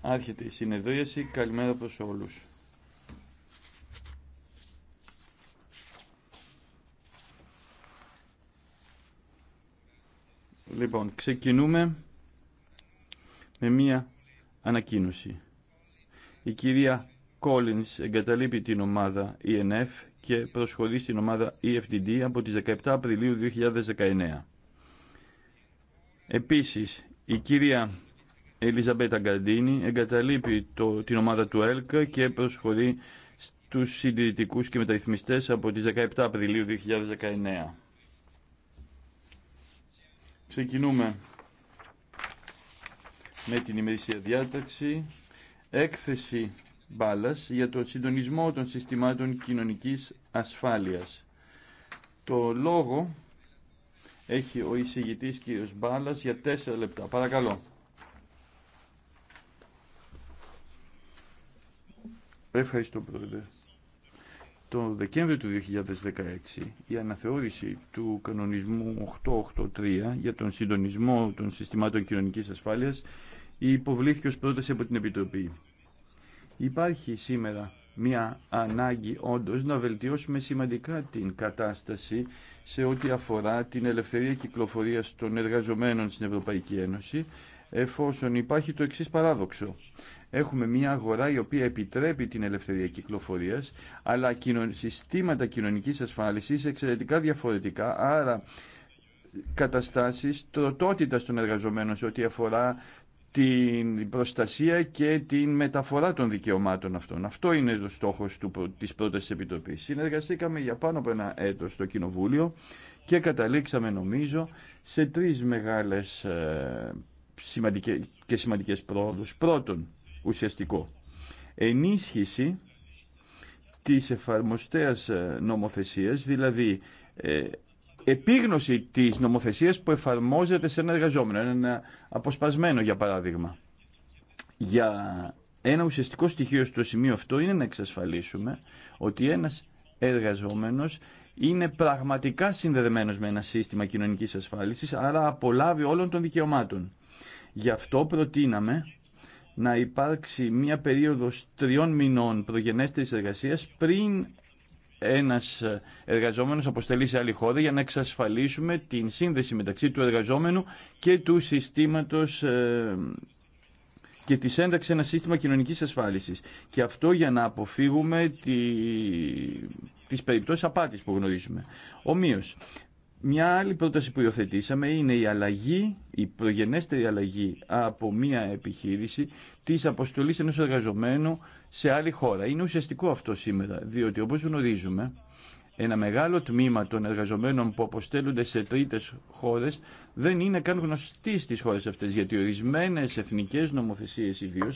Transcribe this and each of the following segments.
Άρχεται η συνεδρίαση. Καλημέρα προς όλους. Λοιπόν, ξεκινούμε με μία ανακοίνωση. Η κυρία Collins εγκαταλείπει την ομάδα ENF και προσχωρεί στην ομάδα EFTD από τις 17 Απριλίου 2019. Επίσης, η κυρία η Ελίζαμπέτα Γκαντίνη εγκαταλείπει το, την ομάδα του ΕΛΚΑ και προσχωρεί στους συντηρητικούς και μεταρρυθμιστές από τις 17 Απριλίου 2019. Ξεκινούμε με την ημερήσια διάταξη. Έκθεση μπάλας για το συντονισμό των συστημάτων κοινωνικής ασφάλειας. Το λόγο έχει ο εισηγητής κ. Μπάλας για 4 λεπτά. Παρακαλώ. Ευχαριστώ πρόεδρε. Το Δεκέμβριο του 2016 η αναθεώρηση του κανονισμού 883 για τον συντονισμό των συστημάτων κοινωνικής ασφάλειας υποβλήθηκε ως πρόταση από την Επιτροπή. Υπάρχει σήμερα μια ανάγκη όντως να βελτιώσουμε σημαντικά την κατάσταση σε ό,τι αφορά την ελευθερία κυκλοφορίας των εργαζομένων στην Ευρωπαϊκή Ένωση εφόσον υπάρχει το εξής παράδοξο. Έχουμε μια αγορά η οποία επιτρέπει την ελευθερία κυκλοφορίας, αλλά συστήματα κοινωνικής ασφάλισης εξαιρετικά διαφορετικά, άρα καταστάσεις τροτότητας των εργαζομένων σε ό,τι αφορά την προστασία και την μεταφορά των δικαιωμάτων αυτών. Αυτό είναι το στόχος του, της πρότασης Επιτροπής. Συνεργαστήκαμε για πάνω από ένα έτος στο Κοινοβούλιο και καταλήξαμε νομίζω σε τρεις μεγάλες ε, και σημαντικές πρόοδους. Πρώτον, ουσιαστικό. Ενίσχυση της εφαρμοστέας ε, νομοθεσίας, δηλαδή ε, επίγνωση της νομοθεσίας που εφαρμόζεται σε ένα εργαζόμενο, ένα αποσπασμένο για παράδειγμα. Για ένα ουσιαστικό στοιχείο στο σημείο αυτό είναι να εξασφαλίσουμε ότι ένας εργαζόμενος είναι πραγματικά συνδεδεμένος με ένα σύστημα κοινωνικής ασφάλισης, άρα απολάβει όλων των δικαιωμάτων. Γι' αυτό προτείναμε να υπάρξει μία περίοδος τριών μηνών προγενέστερης εργασίας πριν ένας εργαζόμενος αποστελεί σε άλλη χώρα για να εξασφαλίσουμε την σύνδεση μεταξύ του εργαζόμενου και του συστήματος ε, και της ένταξη ένα σύστημα κοινωνικής ασφάλισης. Και αυτό για να αποφύγουμε τη... τις περιπτώσεις απάτης που γνωρίζουμε. Ομοίως, μια άλλη πρόταση που υιοθετήσαμε είναι η αλλαγή, η προγενέστερη αλλαγή από μια επιχείρηση της αποστολή ενό εργαζομένου σε άλλη χώρα. Είναι ουσιαστικό αυτό σήμερα, διότι όπως γνωρίζουμε, ένα μεγάλο τμήμα των εργαζομένων που αποστέλλονται σε τρίτε χώρες δεν είναι καν γνωστοί στις χώρε αυτέ, γιατί ορισμένε εθνικέ νομοθεσίε ιδίω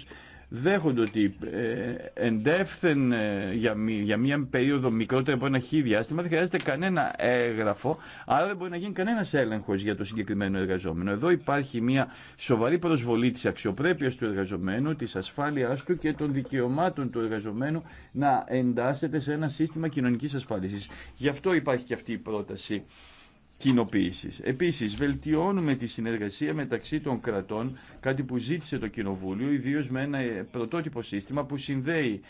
δέχονται ότι ε, εντεύθεν ε, για, για μια περίοδο μικρότερη από ένα χι διάστημα δεν χρειάζεται κανένα έγγραφο, άρα δεν μπορεί να γίνει κανένα έλεγχο για το συγκεκριμένο εργαζόμενο. Εδώ υπάρχει μια σοβαρή προσβολή τη αξιοπρέπεια του εργαζομένου, τη ασφάλειά του και των δικαιωμάτων του εργαζομένου να εντάσσεται σε ένα σύστημα κοινωνική ασφάλιση. Γι' αυτό υπάρχει και αυτή η πρόταση κοινοποίησης. Επίσης, βελτιώνουμε τη συνεργασία μεταξύ των κρατών, κάτι που ζήτησε το Κοινοβούλιο, ιδίω με ένα ε, πρωτότυπο σύστημα που συνδέει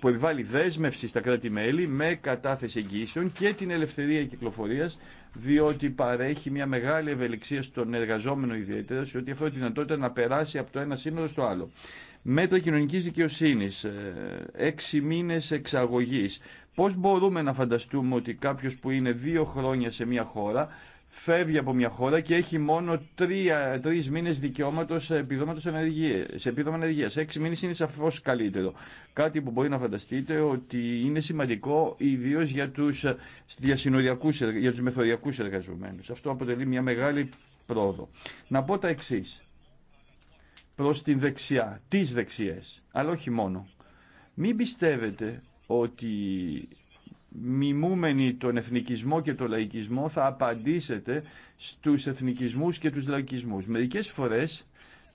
που επιβάλλει δέσμευση στα κράτη-μέλη με κατάθεση εγγύσεων και την ελευθερία κυκλοφορίας, διότι παρέχει μια μεγάλη ευελιξία στον εργαζόμενο ιδιαίτερα σε ό,τι αφορά τη δυνατότητα να περάσει από το ένα σύνορο στο άλλο μέτρα κοινωνικής δικαιοσύνης, ε, έξι μήνες εξαγωγής. Πώς μπορούμε να φανταστούμε ότι κάποιος που είναι δύο χρόνια σε μια χώρα φεύγει από μια χώρα και έχει μόνο τρία, τρεις μήνες δικαιώματος επιδόματος σε επίδομα ενεργείας. Έξι μήνες είναι σαφώς καλύτερο. Κάτι που μπορεί να φανταστείτε ότι είναι σημαντικό ιδίω για τους διασυνοριακούς, για τους μεθοριακούς εργαζομένους. Αυτό αποτελεί μια μεγάλη πρόοδο. Να πω τα εξής προς την δεξιά, τις δεξιές, αλλά όχι μόνο. Μην πιστεύετε ότι μιμούμενοι τον εθνικισμό και τον λαϊκισμό θα απαντήσετε στους εθνικισμούς και τους λαϊκισμούς. Μερικές φορές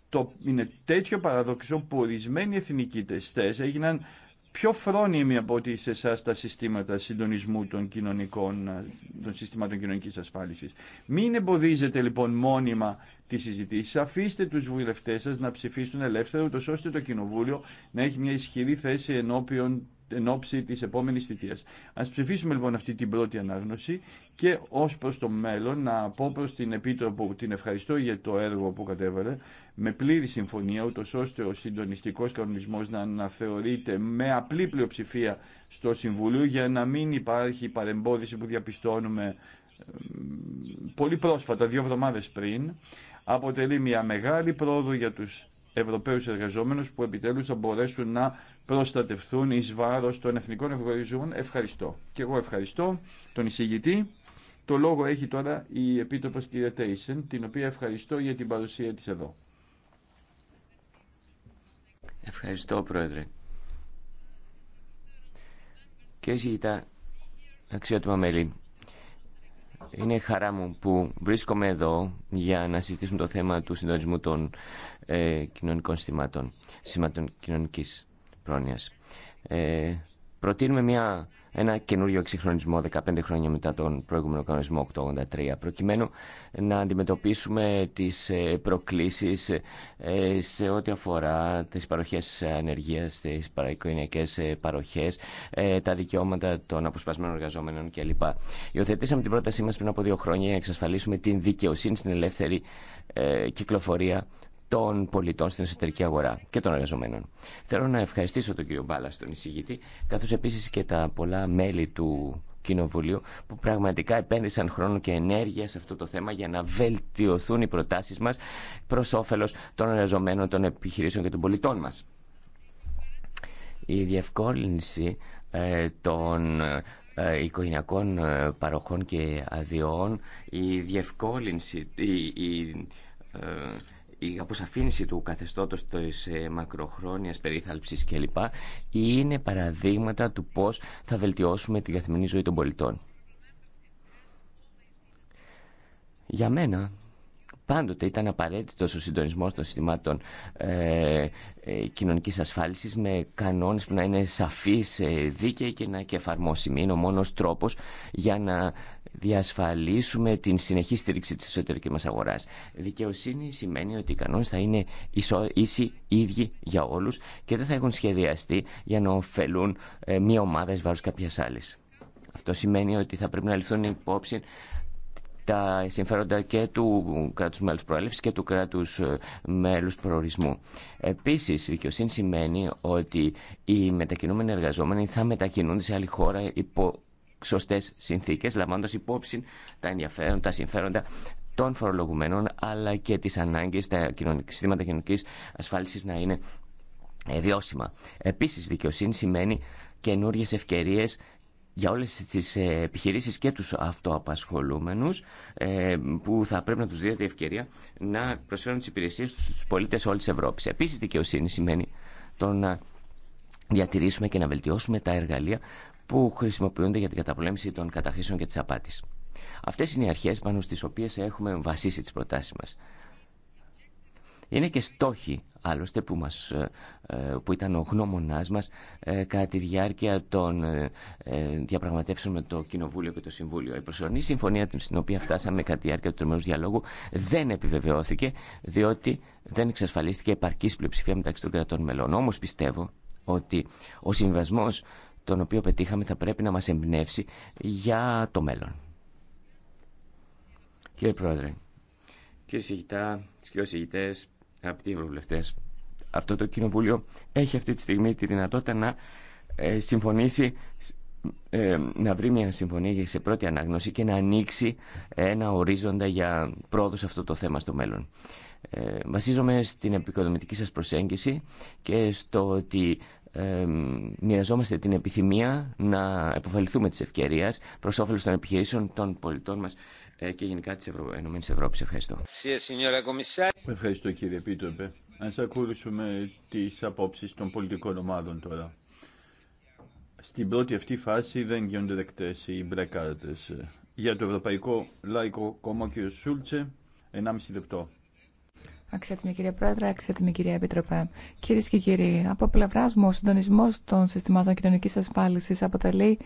το, είναι τέτοιο παραδοξό που ορισμένοι εθνικοί τεστές έγιναν πιο φρόνιμη από ότι σε εσά τα συστήματα συντονισμού των, κοινωνικών, ε, των συστημάτων κοινωνική ασφάλισης. Μην εμποδίζετε λοιπόν μόνιμα τι συζητήσει. Αφήστε του βουλευτέ σα να ψηφίσουν ελεύθερα, ούτω ώστε το Κοινοβούλιο να έχει μια ισχυρή θέση ενώπιον εν ώψη τη επόμενη θητεία. Α ψηφίσουμε λοιπόν αυτή την πρώτη ανάγνωση και ω προ το μέλλον να πω προ την Επίτροπο, την ευχαριστώ για το έργο που κατέβαλε, με πλήρη συμφωνία, ούτω ώστε ο συντονιστικό κανονισμό να αναθεωρείται με απλή πλειοψηφία στο Συμβούλιο για να μην υπάρχει παρεμπόδιση που διαπιστώνουμε πολύ πρόσφατα, δύο εβδομάδες πριν, αποτελεί μια μεγάλη πρόοδο για τους Ευρωπαίους εργαζόμενους που επιτέλους θα μπορέσουν να προστατευθούν εις βάρος των εθνικών ευρωριζών. Ευχαριστώ. Και εγώ ευχαριστώ τον εισηγητή. Το λόγο έχει τώρα η Επίτροπος κυρία Τέισεν, την οποία ευχαριστώ για την παρουσία της εδώ. Ευχαριστώ, Πρόεδρε. Κύριε Συγητά, αξιότιμα μέλη, είναι χαρά μου που βρίσκομαι εδώ για να συζητήσουμε το θέμα του συντονισμού των ε, κοινωνικών συστημάτων, συστημάτων κοινωνικής πρόνοιας. Ε, προτείνουμε μια, ένα καινούριο εξυγχρονισμό 15 χρόνια μετά τον προηγούμενο κανονισμό 883, προκειμένου να αντιμετωπίσουμε τις ε, προκλήσεις ε, σε ό,τι αφορά τις παροχές ανεργίας, τις παραοικογενειακές ε, παροχές, τα δικαιώματα των αποσπασμένων εργαζόμενων κλπ. Υιοθετήσαμε την πρότασή μας πριν από δύο χρόνια για να εξασφαλίσουμε την δικαιοσύνη στην ελεύθερη κυκλοφορία των πολιτών στην εσωτερική αγορά και των εργαζομένων. Θέλω να ευχαριστήσω τον κύριο Μπάλα, στον εισηγητή, καθώ επίση και τα πολλά μέλη του Κοινοβουλίου που πραγματικά επένδυσαν χρόνο και ενέργεια σε αυτό το θέμα για να βελτιωθούν οι προτάσει μα προ όφελο των εργαζομένων, των επιχειρήσεων και των πολιτών μα. Η διευκόλυνση ε, των ε, οικογενειακών ε, παροχών και αδειών, η διευκόλυνση, η, η αποσαφήνιση του καθεστώτος της ε, μακροχρόνιας περίθαλψης κλπ. είναι παραδείγματα του πώς θα βελτιώσουμε την καθημερινή ζωή των πολιτών. Για μένα, πάντοτε ήταν απαραίτητος ο συντονισμός των συστημάτων ε, ε, κοινωνικής ασφάλισης με κανόνες που να είναι σαφείς, ε, δίκαιοι και να και εφαρμόσιμοι. Είναι ο μόνος τρόπος για να διασφαλίσουμε την συνεχή στήριξη της εσωτερικής μας αγοράς. Δικαιοσύνη σημαίνει ότι οι κανόνες θα είναι ισο, ίσοι ίδιοι για όλους και δεν θα έχουν σχεδιαστεί για να ωφελούν ε, μία ομάδα εις βάρος κάποιας άλλης. Αυτό σημαίνει ότι θα πρέπει να ληφθούν υπόψη τα συμφέροντα και του κράτους μέλους προέλευσης και του κράτους ε, μέλους προορισμού. Επίσης, η δικαιοσύνη σημαίνει ότι οι μετακινούμενοι εργαζόμενοι θα μετακινούνται σε άλλη χώρα υπό Σωστέ συνθήκε, λαμβάνοντα υπόψη τα ενδιαφέροντα, τα συμφέροντα των φορολογουμένων, αλλά και τι ανάγκε, τα συστήματα κοινωνική ασφάλισης να είναι ε, βιώσιμα. Επίσης, δικαιοσύνη σημαίνει καινούριε ευκαιρίε για όλες τις ε, επιχειρήσεις και τους αυτοαπασχολούμενους ε, που θα πρέπει να τους δίνεται η ευκαιρία να προσφέρουν τις υπηρεσίες τους στους πολίτες όλης της Ευρώπης. Επίσης δικαιοσύνη σημαίνει το να διατηρήσουμε και να βελτιώσουμε τα εργαλεία που χρησιμοποιούνται για την καταπολέμηση των καταχρήσεων και τη απάτη. Αυτέ είναι οι αρχέ πάνω στι οποίε έχουμε βασίσει τι προτάσει μα. Είναι και στόχοι, άλλωστε, που, μας, ε, ε, που ήταν ο γνώμονάς μας ε, κατά τη διάρκεια των διαπραγματεύσεων με το Κοινοβούλιο και το Συμβούλιο. Η προσωρινή συμφωνία στην οποία φτάσαμε κατά τη διάρκεια του τριμερούς διαλόγου δεν επιβεβαιώθηκε, διότι δεν εξασφαλίστηκε επαρκής πλειοψηφία μεταξύ των κρατών μελών. Όμω πιστεύω ότι ο συμβασμός τον οποίο πετύχαμε θα πρέπει να μας εμπνεύσει για το μέλλον. Κύριε Πρόεδρε, κύριε Συγητά, κύριε Σιγητές, αγαπητοί ευρωβουλευτές, αυτό το Κοινοβούλιο έχει αυτή τη στιγμή τη δυνατότητα να ε, συμφωνήσει ε, να βρει μια συμφωνία σε πρώτη ανάγνωση και να ανοίξει ένα ορίζοντα για πρόοδο σε αυτό το θέμα στο μέλλον. Ε, βασίζομαι στην επικοδομητική σας προσέγγιση και στο ότι ε, μοιραζόμαστε την επιθυμία να επωφεληθούμε τη ευκαιρία προ όφελο των επιχειρήσεων, των πολιτών μα ε, και γενικά τη Ευρω... Ευρώπη. Ευχαριστώ. Ευχαριστώ κύριε Επίτροπε. Α ακούσουμε τι απόψει των πολιτικών ομάδων τώρα. Στην πρώτη αυτή φάση δεν γίνονται δεκτέ οι μπλε Για το Ευρωπαϊκό Λαϊκό Κόμμα, Σούλτσε, 1,5 λεπτό. Αξιότιμη κυρία Πρόεδρε, αξιότιμη κυρία Επιτροπέ. Κυρίε και κύριοι, από πλευρά μου, ο συντονισμό των συστημάτων κοινωνική ασφάλιση αποτελεί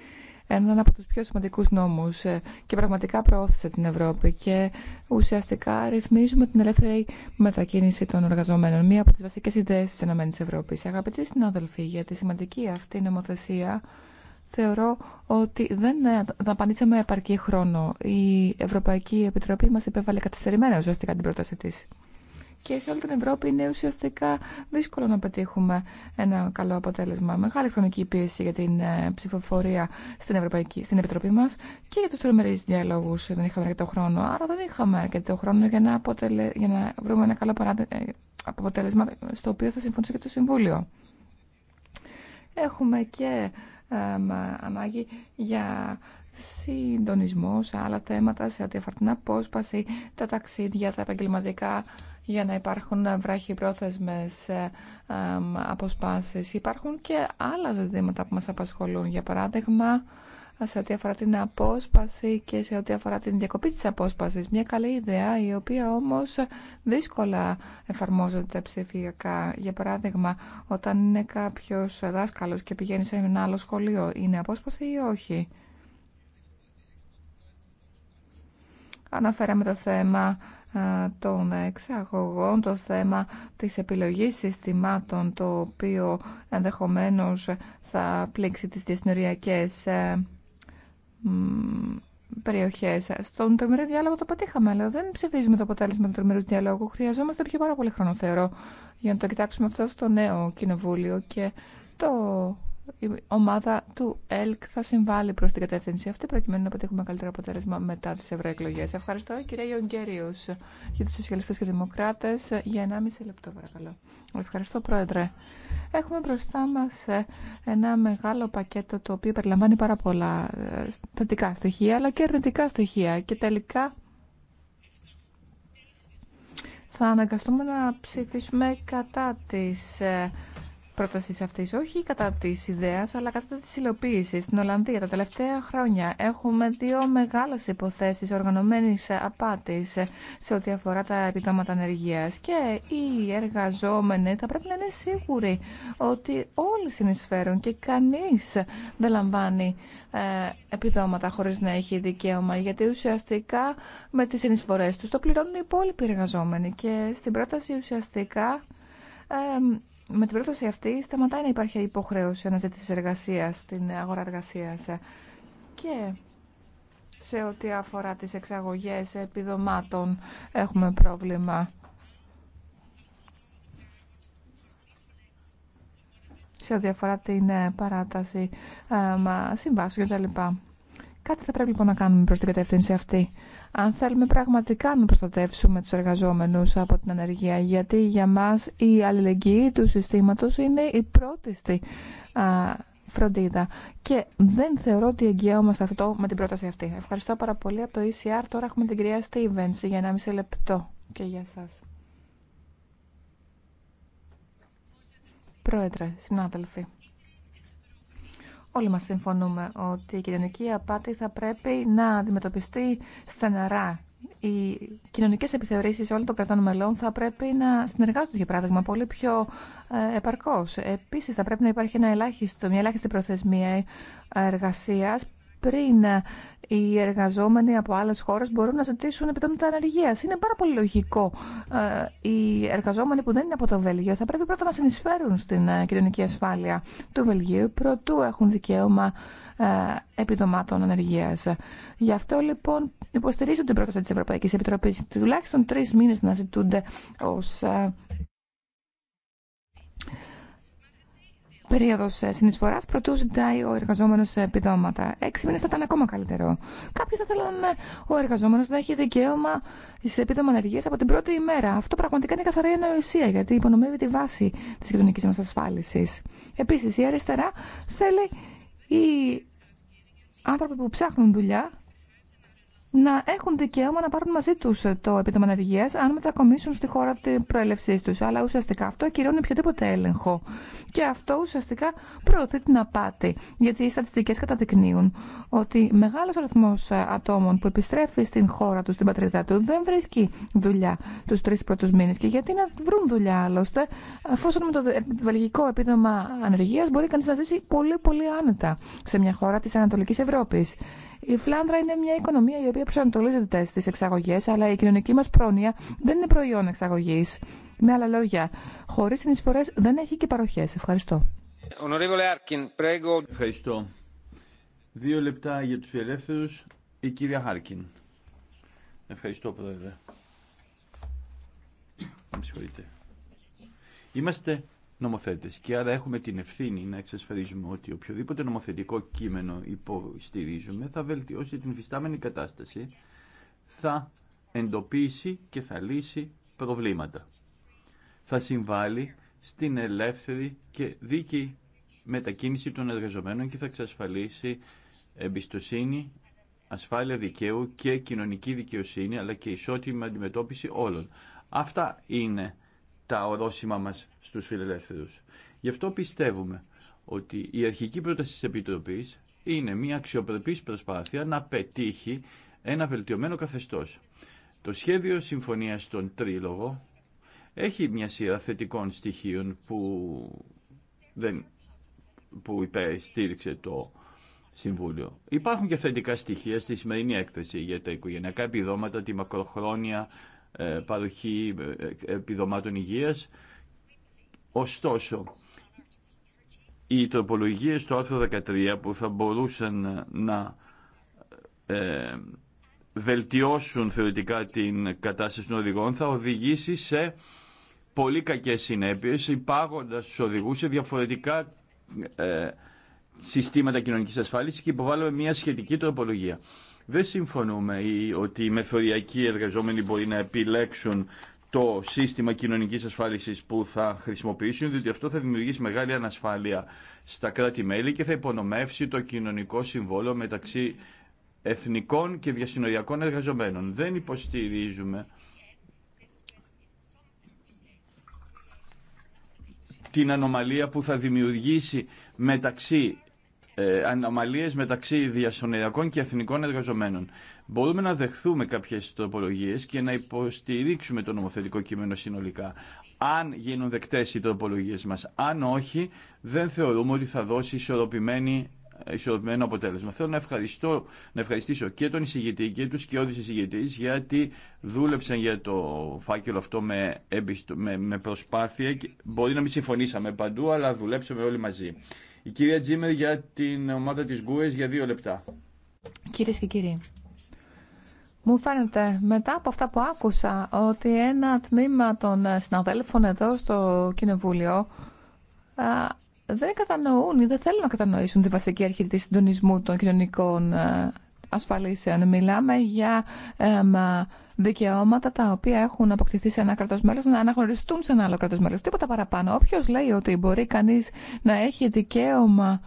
έναν από τους πιο σημαντικούς νόμους ε, και πραγματικά προώθησε την Ευρώπη και ουσιαστικά ρυθμίζουμε την ελεύθερη μετακίνηση των εργαζομένων, μία από τις βασικές ιδέες της ΕΕ. Αγαπητοί συνάδελφοι, για τη σημαντική αυτή νομοθεσία θεωρώ ότι δεν δαπανίσαμε επαρκή χρόνο. Η Ευρωπαϊκή Επιτροπή μας επέβαλε καθυστερημένα ουσιαστικά την πρόταση της και σε όλη την Ευρώπη είναι ουσιαστικά δύσκολο να πετύχουμε ένα καλό αποτέλεσμα. Μεγάλη χρονική πίεση για την ε, ψηφοφορία στην, Ευρωπαϊκή, στην Επιτροπή μα και για του τρομερεί διαλόγου. Δεν είχαμε αρκετό χρόνο. Άρα δεν είχαμε αρκετό χρόνο για να, αποτελε... για να βρούμε ένα καλό ε, αποτέλεσμα στο οποίο θα συμφωνήσει και το Συμβούλιο. Έχουμε και ανάγκη για συντονισμό σε άλλα θέματα, σε ό,τι αφορά την απόσπαση, τα ταξίδια, τα επαγγελματικά για να υπάρχουν βράχοι πρόθεσμες ε, αποσπάσεις. Υπάρχουν και άλλα ζητήματα που μας απασχολούν. Για παράδειγμα, σε ό,τι αφορά την απόσπαση και σε ό,τι αφορά την διακοπή της απόσπασης. Μια καλή ιδέα η οποία όμως δύσκολα εφαρμόζεται ψηφιακά. Για παράδειγμα, όταν είναι κάποιος δάσκαλος και πηγαίνει σε ένα άλλο σχολείο, είναι απόσπαση ή όχι. Αναφέραμε το θέμα των εξαγωγών, το θέμα της επιλογής συστημάτων, το οποίο ενδεχομένως θα πλήξει τις διασυνοριακές ε, περιοχές. Στον τριμερή διάλογο το πετύχαμε, αλλά δεν ψηφίζουμε το αποτέλεσμα του τρομερού διάλογου. Χρειαζόμαστε πιο πάρα πολύ χρόνο, θεωρώ, για να το κοιτάξουμε αυτό στο νέο κοινοβούλιο και το η ομάδα του ΕΛΚ θα συμβάλλει προς την κατεύθυνση αυτή προκειμένου να πετύχουμε καλύτερο αποτέλεσμα μετά τις ευρωεκλογέ. Ευχαριστώ κυρία Ιονγκέριους για τους Σοσιαλιστές και Δημοκράτες για 1,5 λεπτό παρακαλώ. Ευχαριστώ Πρόεδρε. Έχουμε μπροστά μας ε, ένα μεγάλο πακέτο το οποίο περιλαμβάνει πάρα πολλά ε, θετικά στοιχεία αλλά και αρνητικά στοιχεία και τελικά θα αναγκαστούμε να ψηφίσουμε κατά της ε, πρόταση αυτή, όχι κατά τη ιδέα, αλλά κατά τη υλοποίηση. Στην Ολλανδία τα τελευταία χρόνια έχουμε δύο μεγάλε υποθέσει οργανωμένη απάτη σε ό,τι αφορά τα επιδόματα ανεργία. Και οι εργαζόμενοι θα πρέπει να είναι σίγουροι ότι όλοι συνεισφέρουν και κανεί δεν λαμβάνει ε, επιδόματα χωρί να έχει δικαίωμα. Γιατί ουσιαστικά με τι συνεισφορέ του το πληρώνουν οι υπόλοιποι εργαζόμενοι. Και στην πρόταση ουσιαστικά. Ε, με την πρόταση αυτή σταματάει να υπάρχει υποχρέωση αναζήτηση εργασία στην αγορά εργασία. Και σε ό,τι αφορά τις εξαγωγές επιδομάτων έχουμε πρόβλημα. Σε ό,τι αφορά την ε, παράταση ε, συμβάσεων κλπ. Κάτι θα πρέπει λοιπόν να κάνουμε προς την κατεύθυνση αυτή αν θέλουμε πραγματικά να προστατεύσουμε τους εργαζόμενους από την ανεργία, γιατί για μας η αλληλεγγύη του συστήματος είναι η πρώτη φροντίδα. Και δεν θεωρώ ότι εγγυαόμαστε αυτό με την πρόταση αυτή. Ευχαριστώ πάρα πολύ. Από το ECR τώρα έχουμε την κυρία Στίβενς για μισή λεπτό. Και για σας. Πρόεδρε, συνάδελφοι. Όλοι μας συμφωνούμε ότι η κοινωνική απάτη θα πρέπει να αντιμετωπιστεί στεναρά. Οι κοινωνικές επιθεωρήσεις όλων των κρατών μελών θα πρέπει να συνεργάζονται, για παράδειγμα, πολύ πιο ε, επαρκώς. Επίσης, θα πρέπει να υπάρχει ένα ελάχιστο, μια ελάχιστη προθεσμία εργασίας πριν οι εργαζόμενοι από άλλες χώρες μπορούν να ζητήσουν επιτόμητα ανεργία. Είναι πάρα πολύ λογικό. Ε, οι εργαζόμενοι που δεν είναι από το Βέλγιο θα πρέπει πρώτα να συνεισφέρουν στην ε, κοινωνική ασφάλεια του Βελγίου προτού έχουν δικαίωμα ε, επιδομάτων ανεργία. Γι' αυτό λοιπόν υποστηρίζω την πρόταση τη Ευρωπαϊκή Επιτροπή τουλάχιστον τρει μήνε να ζητούνται ω περίοδο ε, συνεισφορά προτού ζητάει ο εργαζόμενο επιδόματα. Έξι μήνε θα ήταν ακόμα καλύτερο. Κάποιοι θα θέλαν ο εργαζόμενο να έχει δικαίωμα σε επίδομα ανεργία από την πρώτη ημέρα. Αυτό πραγματικά είναι καθαρή ανοησία, γιατί υπονομεύει τη βάση τη κοινωνική μα ασφάλιση. Επίση, η αριστερά θέλει οι άνθρωποι που ψάχνουν δουλειά να έχουν δικαίωμα να πάρουν μαζί του ε, το επίδομα ανεργία αν μετακομίσουν στη χώρα προέλευσή του. Αλλά ουσιαστικά αυτό ακυρώνει οποιοδήποτε έλεγχο. Και αυτό ουσιαστικά προωθεί την απάτη. Γιατί οι στατιστικέ καταδεικνύουν ότι μεγάλο αριθμό ε, ατόμων που επιστρέφει στην χώρα του, στην πατρίδα του, δεν βρίσκει δουλειά του τρει πρώτου μήνε. Και γιατί να βρουν δουλειά άλλωστε, αφού με το βελγικό επίδομα ανεργία μπορεί κανεί να ζήσει πολύ, πολύ άνετα σε μια χώρα τη Ανατολική Ευρώπη. Η Φλάνδρα είναι μια οικονομία η οποία προσανατολίζεται στι εξαγωγέ, αλλά η κοινωνική μα πρόνοια δεν είναι προϊόν εξαγωγή. Με άλλα λόγια, χωρί συνεισφορέ δεν έχει και παροχέ. Ευχαριστώ. Ευχαριστώ. Δύο λεπτά για τους ελεύθερου. η κυρία Χάρκιν. Ευχαριστώ, Πρόεδρε. Με συγχωρείτε. Είμαστε νομοθέτες και άρα έχουμε την ευθύνη να εξασφαλίζουμε ότι οποιοδήποτε νομοθετικό κείμενο υποστηρίζουμε θα βελτιώσει την φυστάμενη κατάσταση, θα εντοπίσει και θα λύσει προβλήματα. Θα συμβάλλει στην ελεύθερη και δίκαιη μετακίνηση των εργαζομένων και θα εξασφαλίσει εμπιστοσύνη, ασφάλεια δικαίου και κοινωνική δικαιοσύνη αλλά και ισότιμη αντιμετώπιση όλων. Αυτά είναι τα ορόσημα μας στους φιλελεύθερους. Γι' αυτό πιστεύουμε ότι η αρχική πρόταση της Επιτροπής είναι μια αξιοπρεπής προσπάθεια να πετύχει ένα βελτιωμένο καθεστώς. Το σχέδιο συμφωνίας στον Τρίλογο έχει μια σειρά θετικών στοιχείων που, δεν, που υπερστήριξε το Συμβούλιο. Υπάρχουν και θετικά στοιχεία στη σημερινή έκθεση για τα οικογενειακά επιδόματα, τη μακροχρόνια ε, παροχή ε, επιδομάτων υγείας. Ωστόσο, οι τροπολογίες στο άρθρο 13 που θα μπορούσαν να ε, βελτιώσουν θεωρητικά την κατάσταση των οδηγών θα οδηγήσει σε πολύ κακές συνέπειες υπάγοντας τους οδηγούς σε διαφορετικά συστήματα κοινωνικής ασφάλισης και υποβάλλουμε μια σχετική τροπολογία. Δεν συμφωνούμε ότι οι μεθοριακοί εργαζόμενοι μπορεί να επιλέξουν το σύστημα κοινωνικής ασφάλισης που θα χρησιμοποιήσουν, διότι αυτό θα δημιουργήσει μεγάλη ανασφάλεια στα κράτη-μέλη και θα υπονομεύσει το κοινωνικό συμβόλο μεταξύ εθνικών και διασυνοριακών εργαζομένων. Δεν υποστηρίζουμε την ανομαλία που θα δημιουργήσει μεταξύ ε, μεταξύ διασωνεριακών και εθνικών εργαζομένων. Μπορούμε να δεχθούμε κάποιες τροπολογίες και να υποστηρίξουμε το νομοθετικό κείμενο συνολικά. Αν γίνουν δεκτές οι τροπολογίες μας, αν όχι, δεν θεωρούμε ότι θα δώσει ισορροπημένη ισορροπημένο αποτέλεσμα. Θέλω να, ευχαριστώ, να ευχαριστήσω και τον εισηγητή και τους όδης εισηγητής γιατί δούλεψαν για το φάκελο αυτό με, με, με προσπάθεια. Μπορεί να μην συμφωνήσαμε παντού αλλά δουλέψαμε όλοι μαζί. Η κυρία Τζίμερ για την ομάδα της Γκούες για δύο λεπτά. Κυρίες και κύριοι, μου φαίνεται μετά από αυτά που άκουσα ότι ένα τμήμα των συναδέλφων εδώ στο Κοινοβούλιο δεν κατανοούν ή δεν θέλουν να κατανοήσουν τη βασική αρχή της συντονισμού των κοινωνικών ασφαλίσεων. Μιλάμε για δικαιώματα τα οποία έχουν αποκτηθεί σε ένα κράτο μέλο να αναγνωριστούν σε ένα άλλο κράτο μέλο. Τίποτα παραπάνω. Όποιο λέει ότι μπορεί κανεί να έχει δικαίωμα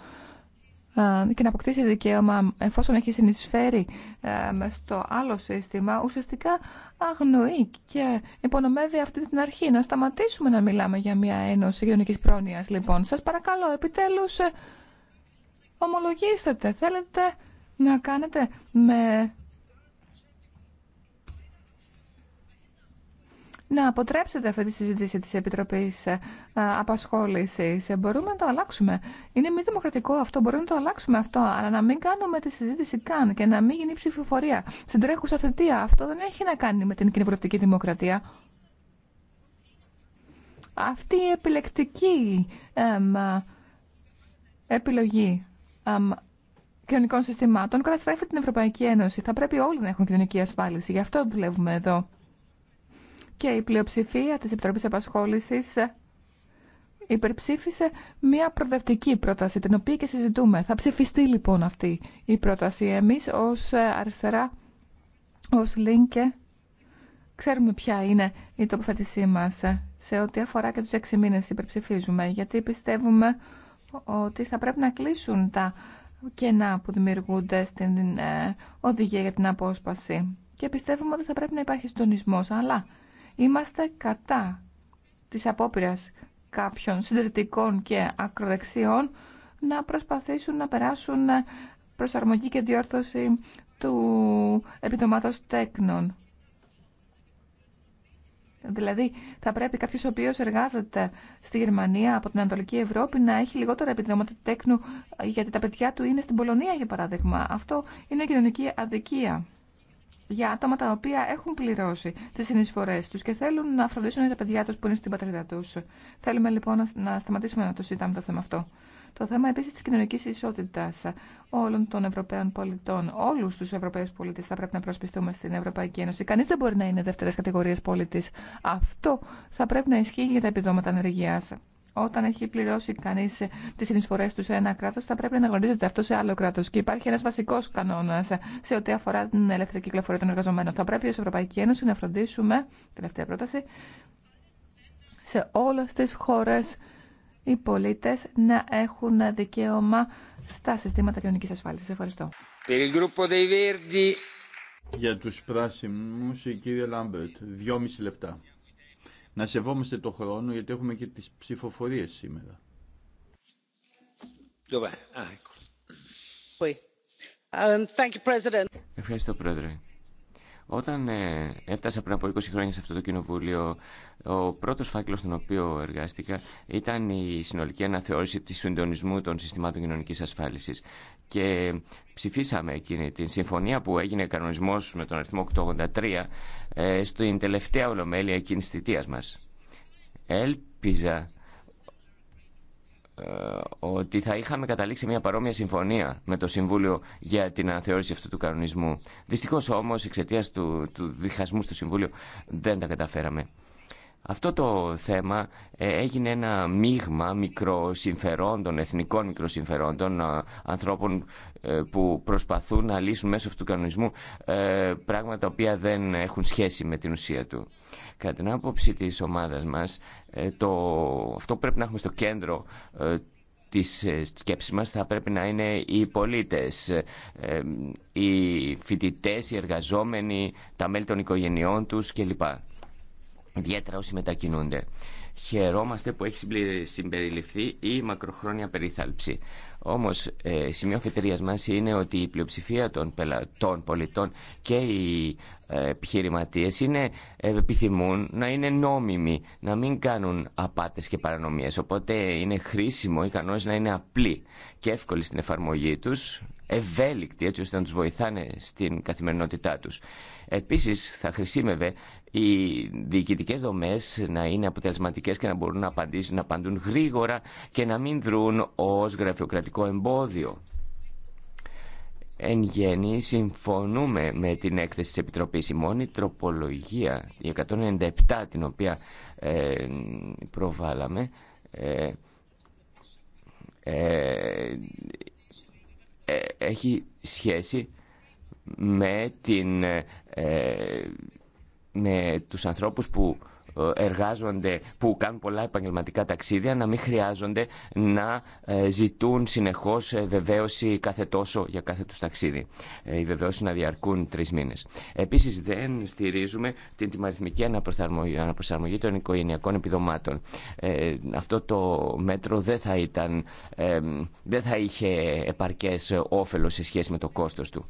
και να αποκτήσει δικαίωμα εφόσον έχει συνεισφέρει στο άλλο σύστημα, ουσιαστικά αγνοεί και υπονομεύει αυτή την αρχή. Να σταματήσουμε να μιλάμε για μια ένωση γεωνική πρόνοια, λοιπόν. Σα παρακαλώ, επιτέλου, ε, ομολογήστε. Θέλετε να κάνετε με να αποτρέψετε αυτή τη συζήτηση της Επιτροπής ε, Απασχόλησης. Μπορούμε να το αλλάξουμε. Είναι μη δημοκρατικό αυτό, μπορούμε να το αλλάξουμε αυτό, αλλά να μην κάνουμε τη συζήτηση καν και να μην γίνει ψηφοφορία. Στην τρέχουσα θετία αυτό δεν έχει να κάνει με την κοινοβουλευτική δημοκρατία. Αυτή η επιλεκτική εμ, επιλογή εμ, κοινωνικών συστημάτων καταστρέφει την Ευρωπαϊκή Ένωση. Θα πρέπει όλοι να έχουν κοινωνική ασφάλιση. Γι' αυτό δουλεύουμε εδώ και η πλειοψηφία της Επιτροπής Απασχόλησης υπερψήφισε μια προοδευτική πρόταση, την οποία και συζητούμε. Θα ψηφιστεί λοιπόν αυτή η πρόταση. Εμείς ως αριστερά, ως Λίνκε, ξέρουμε ποια είναι η τοποθέτησή μας σε ό,τι αφορά και τους έξι μήνες υπερψηφίζουμε, γιατί πιστεύουμε ότι θα πρέπει να κλείσουν τα κενά που δημιουργούνται στην ε, οδηγία για την απόσπαση. Και πιστεύουμε ότι θα πρέπει να υπάρχει συντονισμός, αλλά Είμαστε κατά της απόπειρας κάποιων συντηρητικών και ακροδεξιών να προσπαθήσουν να περάσουν προσαρμογή και διόρθωση του επιδομάτως τέκνων. Δηλαδή, θα πρέπει κάποιος ο οποίος εργάζεται στη Γερμανία από την Ανατολική Ευρώπη να έχει λιγότερα επιδόματα τέκνου, γιατί τα παιδιά του είναι στην Πολωνία, για παράδειγμα. Αυτό είναι κοινωνική αδικία για άτομα τα οποία έχουν πληρώσει τι συνεισφορέ του και θέλουν να φροντίσουν τα παιδιά του που είναι στην πατρίδα του. Θέλουμε λοιπόν να σταματήσουμε να το συζητάμε το θέμα αυτό. Το θέμα επίση τη κοινωνική ισότητα όλων των Ευρωπαίων πολιτών. Όλου του Ευρωπαίου πολίτε θα πρέπει να προσπιστούμε στην Ευρωπαϊκή Ένωση. Κανεί δεν μπορεί να είναι δεύτερη κατηγορία πολίτη. Αυτό θα πρέπει να ισχύει για τα επιδόματα ανεργία όταν έχει πληρώσει κανεί ε, τι συνεισφορέ του σε ένα κράτο, θα πρέπει να γνωρίζεται αυτό σε άλλο κράτο. Και υπάρχει ένα βασικό κανόνα ε, σε ό,τι αφορά την ελεύθερη κυκλοφορία των εργαζομένων. Θα πρέπει ω Ευρωπαϊκή Ένωση να φροντίσουμε, τελευταία πρόταση, σε όλε τι χώρε οι πολίτε να έχουν δικαίωμα στα συστήματα κοινωνική ασφάλιση. Ευχαριστώ. Για η Λάμπερτ, δυόμιση λεπτά να σεβόμαστε το χρόνο γιατί έχουμε και τις ψηφοφορίες σήμερα. Ευχαριστώ, Πρόεδρε. Όταν ε, έφτασα πριν από 20 χρόνια σε αυτό το κοινοβούλιο, ο πρώτος φάκελος στον οποίο εργάστηκα ήταν η συνολική αναθεώρηση της συντονισμού των συστημάτων κοινωνικής ασφάλισης. Και ψηφίσαμε εκείνη την συμφωνία που έγινε κανονισμός με τον αριθμό 883 ε, στην τελευταία ολομέλεια εκείνη τη θητεία μα. Ελπίζα ε, ότι θα είχαμε καταλήξει μια παρόμοια συμφωνία με το Συμβούλιο για την αναθεώρηση αυτού του κανονισμού. Δυστυχώς όμως εξαιτία του, του διχασμού στο Συμβούλιο δεν τα καταφέραμε. Αυτό το θέμα ε, έγινε ένα μείγμα μικροσυμφερόντων, εθνικών μικροσυμφερόντων, ε, ανθρώπων ε, που προσπαθούν να λύσουν μέσω αυτού του κανονισμού πράγματα τα οποία δεν έχουν σχέση με την ουσία του. Κατά την άποψη της ομάδας μας, το, αυτό που πρέπει να έχουμε στο κέντρο της σκέψης μας θα πρέπει να είναι οι πολίτες, οι φοιτητές, οι εργαζόμενοι, τα μέλη των οικογενειών τους κλπ ιδιαίτερα όσοι μετακινούνται. Χαιρόμαστε που έχει συμπεριληφθεί η μακροχρόνια περίθαλψη. Όμως, ε, σημείο φετηρία μας είναι ότι η πλειοψηφία των, των πολιτών και η επιχειρηματίες είναι, ε, επιθυμούν να είναι νόμιμοι, να μην κάνουν απάτες και παρανομίες. Οπότε είναι χρήσιμο οι να είναι απλοί και εύκολοι στην εφαρμογή τους, ευέλικτοι έτσι ώστε να τους βοηθάνε στην καθημερινότητά τους. Επίσης θα χρησιμεύε οι διοικητικέ δομές να είναι αποτελεσματικές και να μπορούν να, απαντήσουν, να απαντούν γρήγορα και να μην δρούν ως γραφειοκρατικό εμπόδιο. Εν γέννη, συμφωνούμε με την έκθεση της Επιτροπής. Η μόνη τροπολογία, η 197 την οποία ε, προβάλαμε, ε, ε, έχει σχέση με, την, με τους ανθρώπους που ε, εργάζονται, που κάνουν πολλά επαγγελματικά ταξίδια, να μην χρειάζονται να ε, ζητούν συνεχώς ε, βεβαίωση κάθε τόσο για κάθε τους ταξίδι. Οι βεβαίωση να διαρκούν τρει μήνες. Επίσης δεν στηρίζουμε την τιμαριθμική αναπροσαρμογή των οικογενειακών επιδομάτων. Αυτό το μέτρο δεν θα, ήταν, δεν θα είχε επαρκές όφελο σε σχέση με το κόστος του.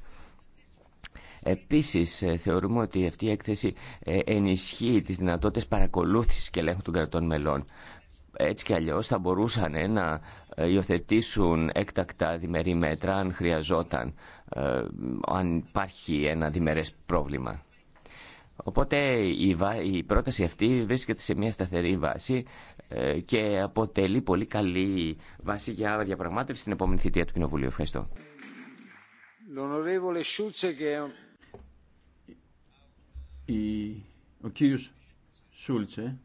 Επίσης, ε, θεωρούμε ότι αυτή η έκθεση ε, ενισχύει τις δυνατότητες παρακολούθησης και ελέγχου των κρατών μελών. Έτσι κι αλλιώς θα μπορούσαν ε, να υιοθετήσουν έκτακτα διμερή μέτρα αν χρειαζόταν, αν υπάρχει ένα διμερές πρόβλημα. Οπότε η πρόταση αυτή βρίσκεται σε μια σταθερή βάση και αποτελεί πολύ καλή βάση για διαπραγμάτευση στην επόμενη θητεία του Κοινοβουλίου. Ευχαριστώ ο κύριος Σούλτσε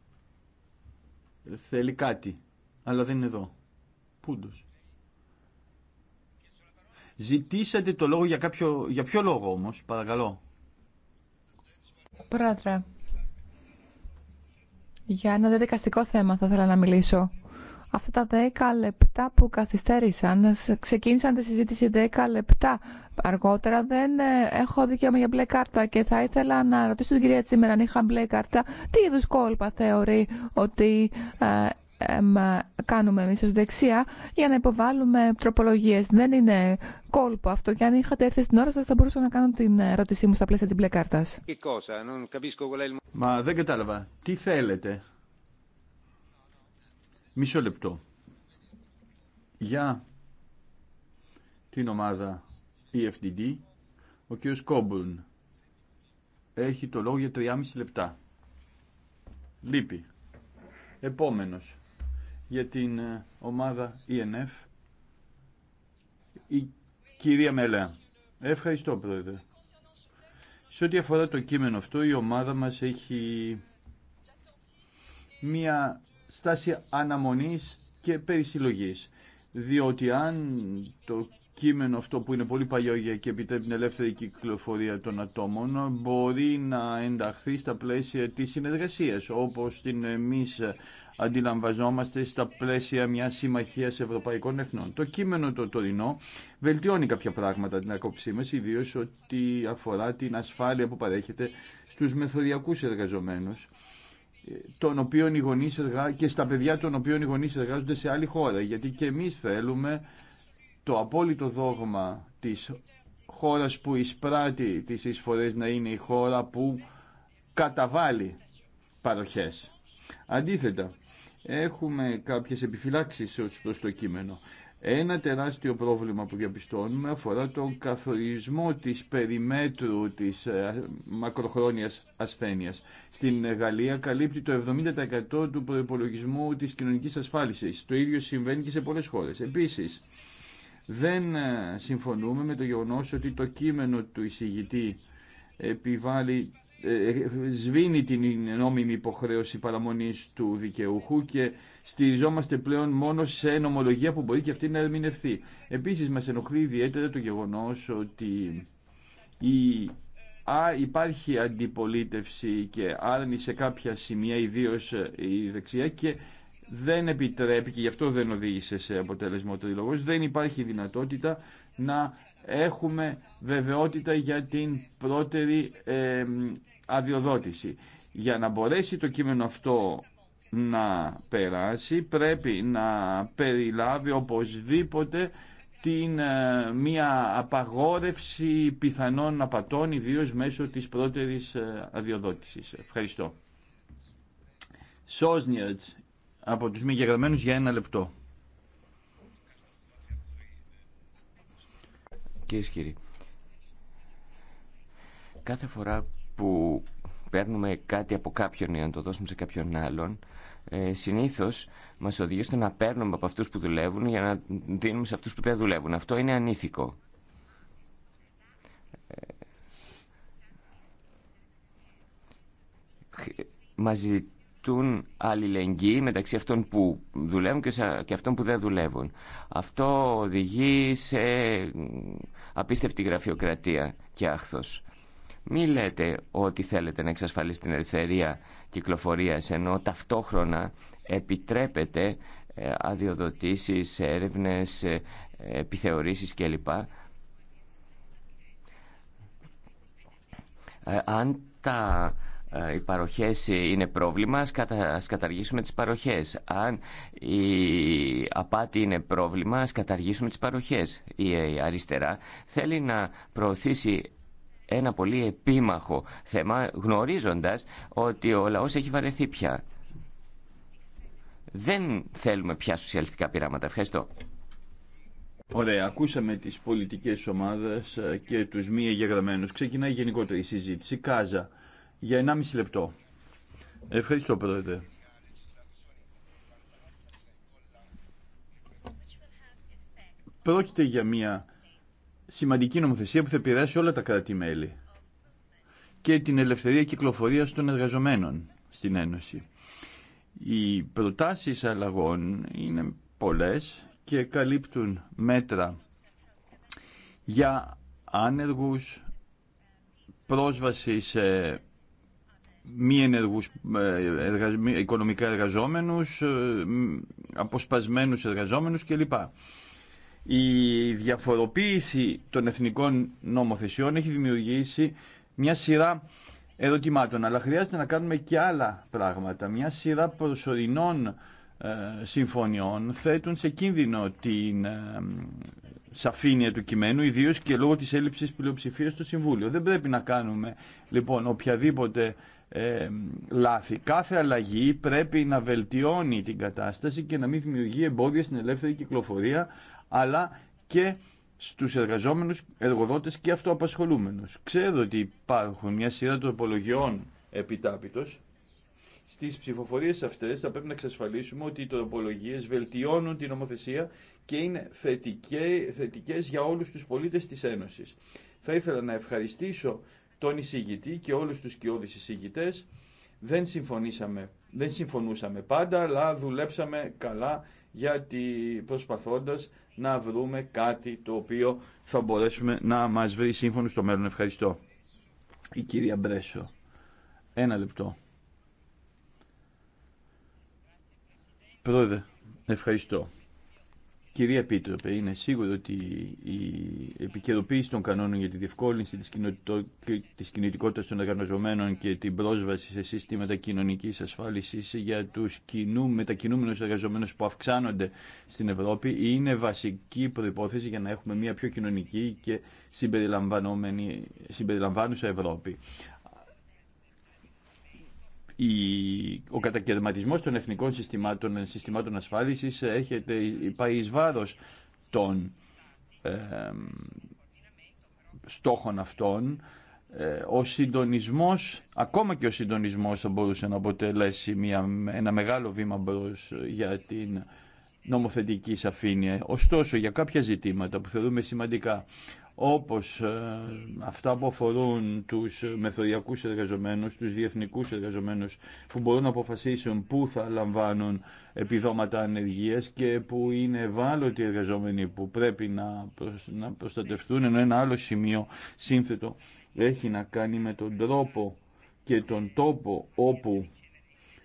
ε, θέλει κάτι, αλλά δεν είναι εδώ. Πούντος. Ζητήσατε το λόγο για, για ποιο λόγο όμως, παρακαλώ. Πρόεδρε, για ένα δεδικαστικό θέμα θα ήθελα να μιλήσω. Αυτά τα 10 λεπτά που καθυστέρησαν, ξεκίνησαν τη συζήτηση 10 λεπτά αργότερα. Δεν ε, έχω δικαίωμα για μπλε κάρτα και θα ήθελα να ρωτήσω την κυρία Τσίμερα αν είχα μπλε κάρτα. Τι είδου κόλπα θεωρεί ότι ε, ε, κάνουμε εμείς ως δεξιά για να υποβάλουμε τροπολογίες. Δεν είναι κόλπο αυτό και αν είχατε έρθει στην ώρα σας θα μπορούσα να κάνω την ερώτησή μου στα πλαίσια της μπλε κάρτας. Μα δεν κατάλαβα. Τι θέλετε. Μισό λεπτό. Για την ομάδα EFDD. ο κύριος Κόμπουρν έχει το λόγο για 3,5 λεπτά. Λείπει. Επόμενος, για την ε, ομάδα ENF, η κυρία Μελέα. Ευχαριστώ, Πρόεδρε. Σε ό,τι αφορά το κείμενο αυτό, η ομάδα μας έχει μία στάση αναμονής και περισυλλογής. Διότι αν το κείμενο αυτό που είναι πολύ παλιό και επιτρέπει την ελεύθερη κυκλοφορία των ατόμων μπορεί να ενταχθεί στα πλαίσια της συνεργασίας όπως την εμείς αντιλαμβαζόμαστε στα πλαίσια μιας συμμαχίας ευρωπαϊκών εθνών. Το κείμενο το τωρινό βελτιώνει κάποια πράγματα την ακόψή μας ιδίως ότι αφορά την ασφάλεια που παρέχεται στους μεθοδιακούς εργαζομένους οι και στα παιδιά των οποίων οι γονείς εργάζονται σε άλλη χώρα. Γιατί και εμείς θέλουμε το απόλυτο δόγμα της χώρας που εισπράττει τις εισφορές να είναι η χώρα που καταβάλει παροχές. Αντίθετα, έχουμε κάποιες επιφυλάξεις προς το κείμενο. Ένα τεράστιο πρόβλημα που διαπιστώνουμε αφορά τον καθορισμό της περιμέτρου της ε, μακροχρόνιας ασθένειας. Στην ε, Γαλλία καλύπτει το 70% του προϋπολογισμού της κοινωνικής ασφάλισης. Το ίδιο συμβαίνει και σε πολλές χώρες. Επίσης, δεν ε, συμφωνούμε με το γεγονός ότι το κείμενο του εισηγητή επιβάλλει σβήνει την νόμιμη υποχρέωση παραμονής του δικαιούχου και στηριζόμαστε πλέον μόνο σε νομολογία που μπορεί και αυτή να ερμηνευθεί. Επίσης μας ενοχλεί ιδιαίτερα το γεγονός ότι η Α, υπάρχει αντιπολίτευση και άρνη σε κάποια σημεία, ιδίω η δεξιά και δεν επιτρέπει και γι' αυτό δεν οδήγησε σε αποτέλεσμα ο τρίλογος, δεν υπάρχει δυνατότητα να έχουμε βεβαιότητα για την πρώτερη ε, αδειοδότηση. Για να μπορέσει το κείμενο αυτό να περάσει πρέπει να περιλάβει οπωσδήποτε την ε, μια απαγόρευση πιθανών απατών ιδίως μέσω της πρώτερης ε, αδειοδότησης. Ευχαριστώ. Σόσνιατς από τους μη για ένα λεπτό. Κυρίε και κάθε φορά που παίρνουμε κάτι από κάποιον ή να το δώσουμε σε κάποιον άλλον, ε, συνήθω μα οδηγεί στο να παίρνουμε από αυτού που δουλεύουν για να δίνουμε σε αυτού που δεν δουλεύουν. Αυτό είναι ανήθικο. Ε, μα ζητούν αλληλεγγύη μεταξύ αυτών που δουλεύουν και αυτών που δεν δουλεύουν. Αυτό οδηγεί σε απίστευτη γραφειοκρατία και άχθος. Μη λέτε ότι θέλετε να εξασφαλίσετε την ελευθερία κυκλοφορίας ενώ ταυτόχρονα επιτρέπετε ε, αδειοδοτήσεις, έρευνες, ε, επιθεωρήσεις κλπ. Ε, αν τα ε, οι παροχές είναι πρόβλημα, ας καταργήσουμε τις παροχές. Αν η απάτη είναι πρόβλημα, ας καταργήσουμε τις παροχές. Ε, η αριστερά θέλει να προωθήσει ένα πολύ επίμαχο θέμα, γνωρίζοντας ότι ο λαός έχει βαρεθεί πια. Δεν θέλουμε πια σοσιαλιστικά πειράματα. Ευχαριστώ. Ωραία, ακούσαμε τις πολιτικές ομάδες και τους μη εγγεγραμμένους. Ξεκινάει γενικότερη συζήτηση. Κάζα για 1,5 λεπτό. Ευχαριστώ, Πρόεδρε. Πρόκειται για μια σημαντική νομοθεσία που θα επηρεάσει όλα τα κράτη-μέλη και την ελευθερία κυκλοφορίας των εργαζομένων στην Ένωση. Οι προτάσεις αλλαγών είναι πολλές και καλύπτουν μέτρα για άνεργους, πρόσβαση σε μη ενεργούς ε, οικονομικά εργαζόμενους, ε, αποσπασμένους εργαζόμενους κλπ. Η διαφοροποίηση των εθνικών νομοθεσιών έχει δημιουργήσει μια σειρά ερωτημάτων, αλλά χρειάζεται να κάνουμε και άλλα πράγματα. Μια σειρά προσωρινών ε, συμφωνιών θέτουν σε κίνδυνο την σαφήνεια του κειμένου, ιδίω και λόγω της έλλειψης πλειοψηφίας στο Συμβούλιο. Δεν πρέπει να κάνουμε λοιπόν οποιαδήποτε ε, λάθη. Κάθε αλλαγή πρέπει να βελτιώνει την κατάσταση και να μην δημιουργεί εμπόδια στην ελεύθερη κυκλοφορία, αλλά και στους εργαζόμενους, εργοδότες και αυτοαπασχολούμενους. Ξέρω ότι υπάρχουν μια σειρά τροπολογιών επιτάπητος. Στις ψηφοφορίες αυτές θα πρέπει να εξασφαλίσουμε ότι οι τροπολογίες βελτιώνουν την νομοθεσία και είναι θετικές για όλους τους πολίτες της Ένωσης. Θα ήθελα να ευχαριστήσω τον εισηγητή και όλους τους κοιόδης εισηγητέ. Δεν, συμφωνήσαμε, δεν συμφωνούσαμε πάντα, αλλά δουλέψαμε καλά γιατί προσπαθώντας να βρούμε κάτι το οποίο θα μπορέσουμε να μας βρει σύμφωνο στο μέλλον. Ευχαριστώ. Η κυρία Μπρέσο. Ένα λεπτό. Πρόεδρε, ευχαριστώ. Κυρία Επίτροπε, είναι σίγουρο ότι η επικαιροποίηση των κανόνων για τη διευκόλυνση της κινητικότητας των εργαζομένων και την πρόσβαση σε συστήματα κοινωνικής ασφάλισης για τους κοινού, μετακινούμενους εργαζομένους που αυξάνονται στην Ευρώπη είναι βασική προϋπόθεση για να έχουμε μια πιο κοινωνική και συμπεριλαμβάνουσα Ευρώπη ο κατακαιρματισμός των εθνικών συστημάτων, συστημάτων ασφάλισης έχετε, πάει εις βάρος των στόχων αυτών. Ε, ο συντονισμός, ακόμα και ο συντονισμός θα μπορούσε να αποτελέσει μια, ένα μεγάλο βήμα μπρος για την νομοθετική σαφήνεια. Ωστόσο, για κάποια ζητήματα που θεωρούμε σημαντικά, όπως ε, αυτά που αφορούν τους μεθοδιακούς εργαζομένους, τους διεθνικούς εργαζομένους που μπορούν να αποφασίσουν πού θα λαμβάνουν επιδόματα ανεργίας και που είναι ευάλωτοι εργαζόμενοι που πρέπει να, να προστατευτούν ενώ ένα άλλο σημείο σύνθετο έχει να κάνει με τον τρόπο και τον τόπο όπου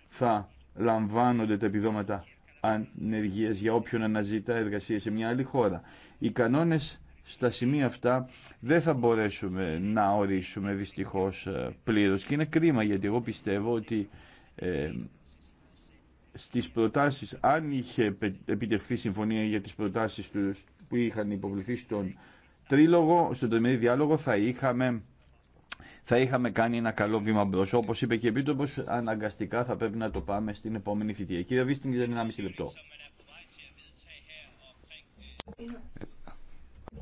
θα λαμβάνονται τα επιδόματα ανεργίας για όποιον αναζητά εργασία σε μια άλλη χώρα. Οι κανόνες στα σημεία αυτά δεν θα μπορέσουμε να ορίσουμε δυστυχώς ε, πλήρως και είναι κρίμα γιατί εγώ πιστεύω ότι ε, στις προτάσεις, αν είχε επιτευχθεί συμφωνία για τις προτάσεις του, που είχαν υποβληθεί στον τρίλογο, στον τριμερή διάλογο, θα είχαμε, θα είχαμε κάνει ένα καλό βήμα μπρο. Όπω είπε και η Επίτροπο, αναγκαστικά θα πρέπει να το πάμε στην επόμενη θητεία. Κύριε Βίστινγκ, ένα 1,5 λεπτό.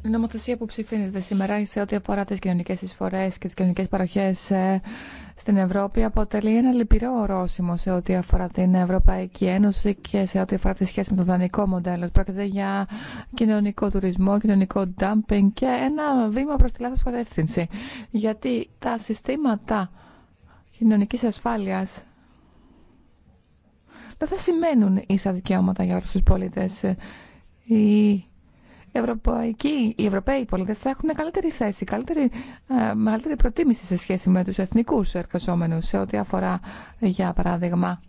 Η νομοθεσία που ψηφίζεται σήμερα σε ό,τι αφορά τι κοινωνικέ εισφορέ και τι κοινωνικέ παροχέ ε, στην Ευρώπη αποτελεί ένα λυπηρό ορόσημο σε ό,τι αφορά την Ευρωπαϊκή Ένωση και σε ό,τι αφορά τη σχέση με το δανεικό μοντέλο. Πρόκειται για κοινωνικό τουρισμό, κοινωνικό dumping και ένα βήμα προ τη λάθο κατεύθυνση. Γιατί τα συστήματα κοινωνική ασφάλεια δεν θα σημαίνουν ίσα δικαιώματα για όλου του πολίτε. Η Ευρωπαϊκοί, οι Ευρωπαίοι πολίτε θα έχουν καλύτερη θέση, καλύτερη, ε, μεγαλύτερη προτίμηση σε σχέση με του εθνικού εργαζόμενου σε ό,τι αφορά, για παράδειγμα,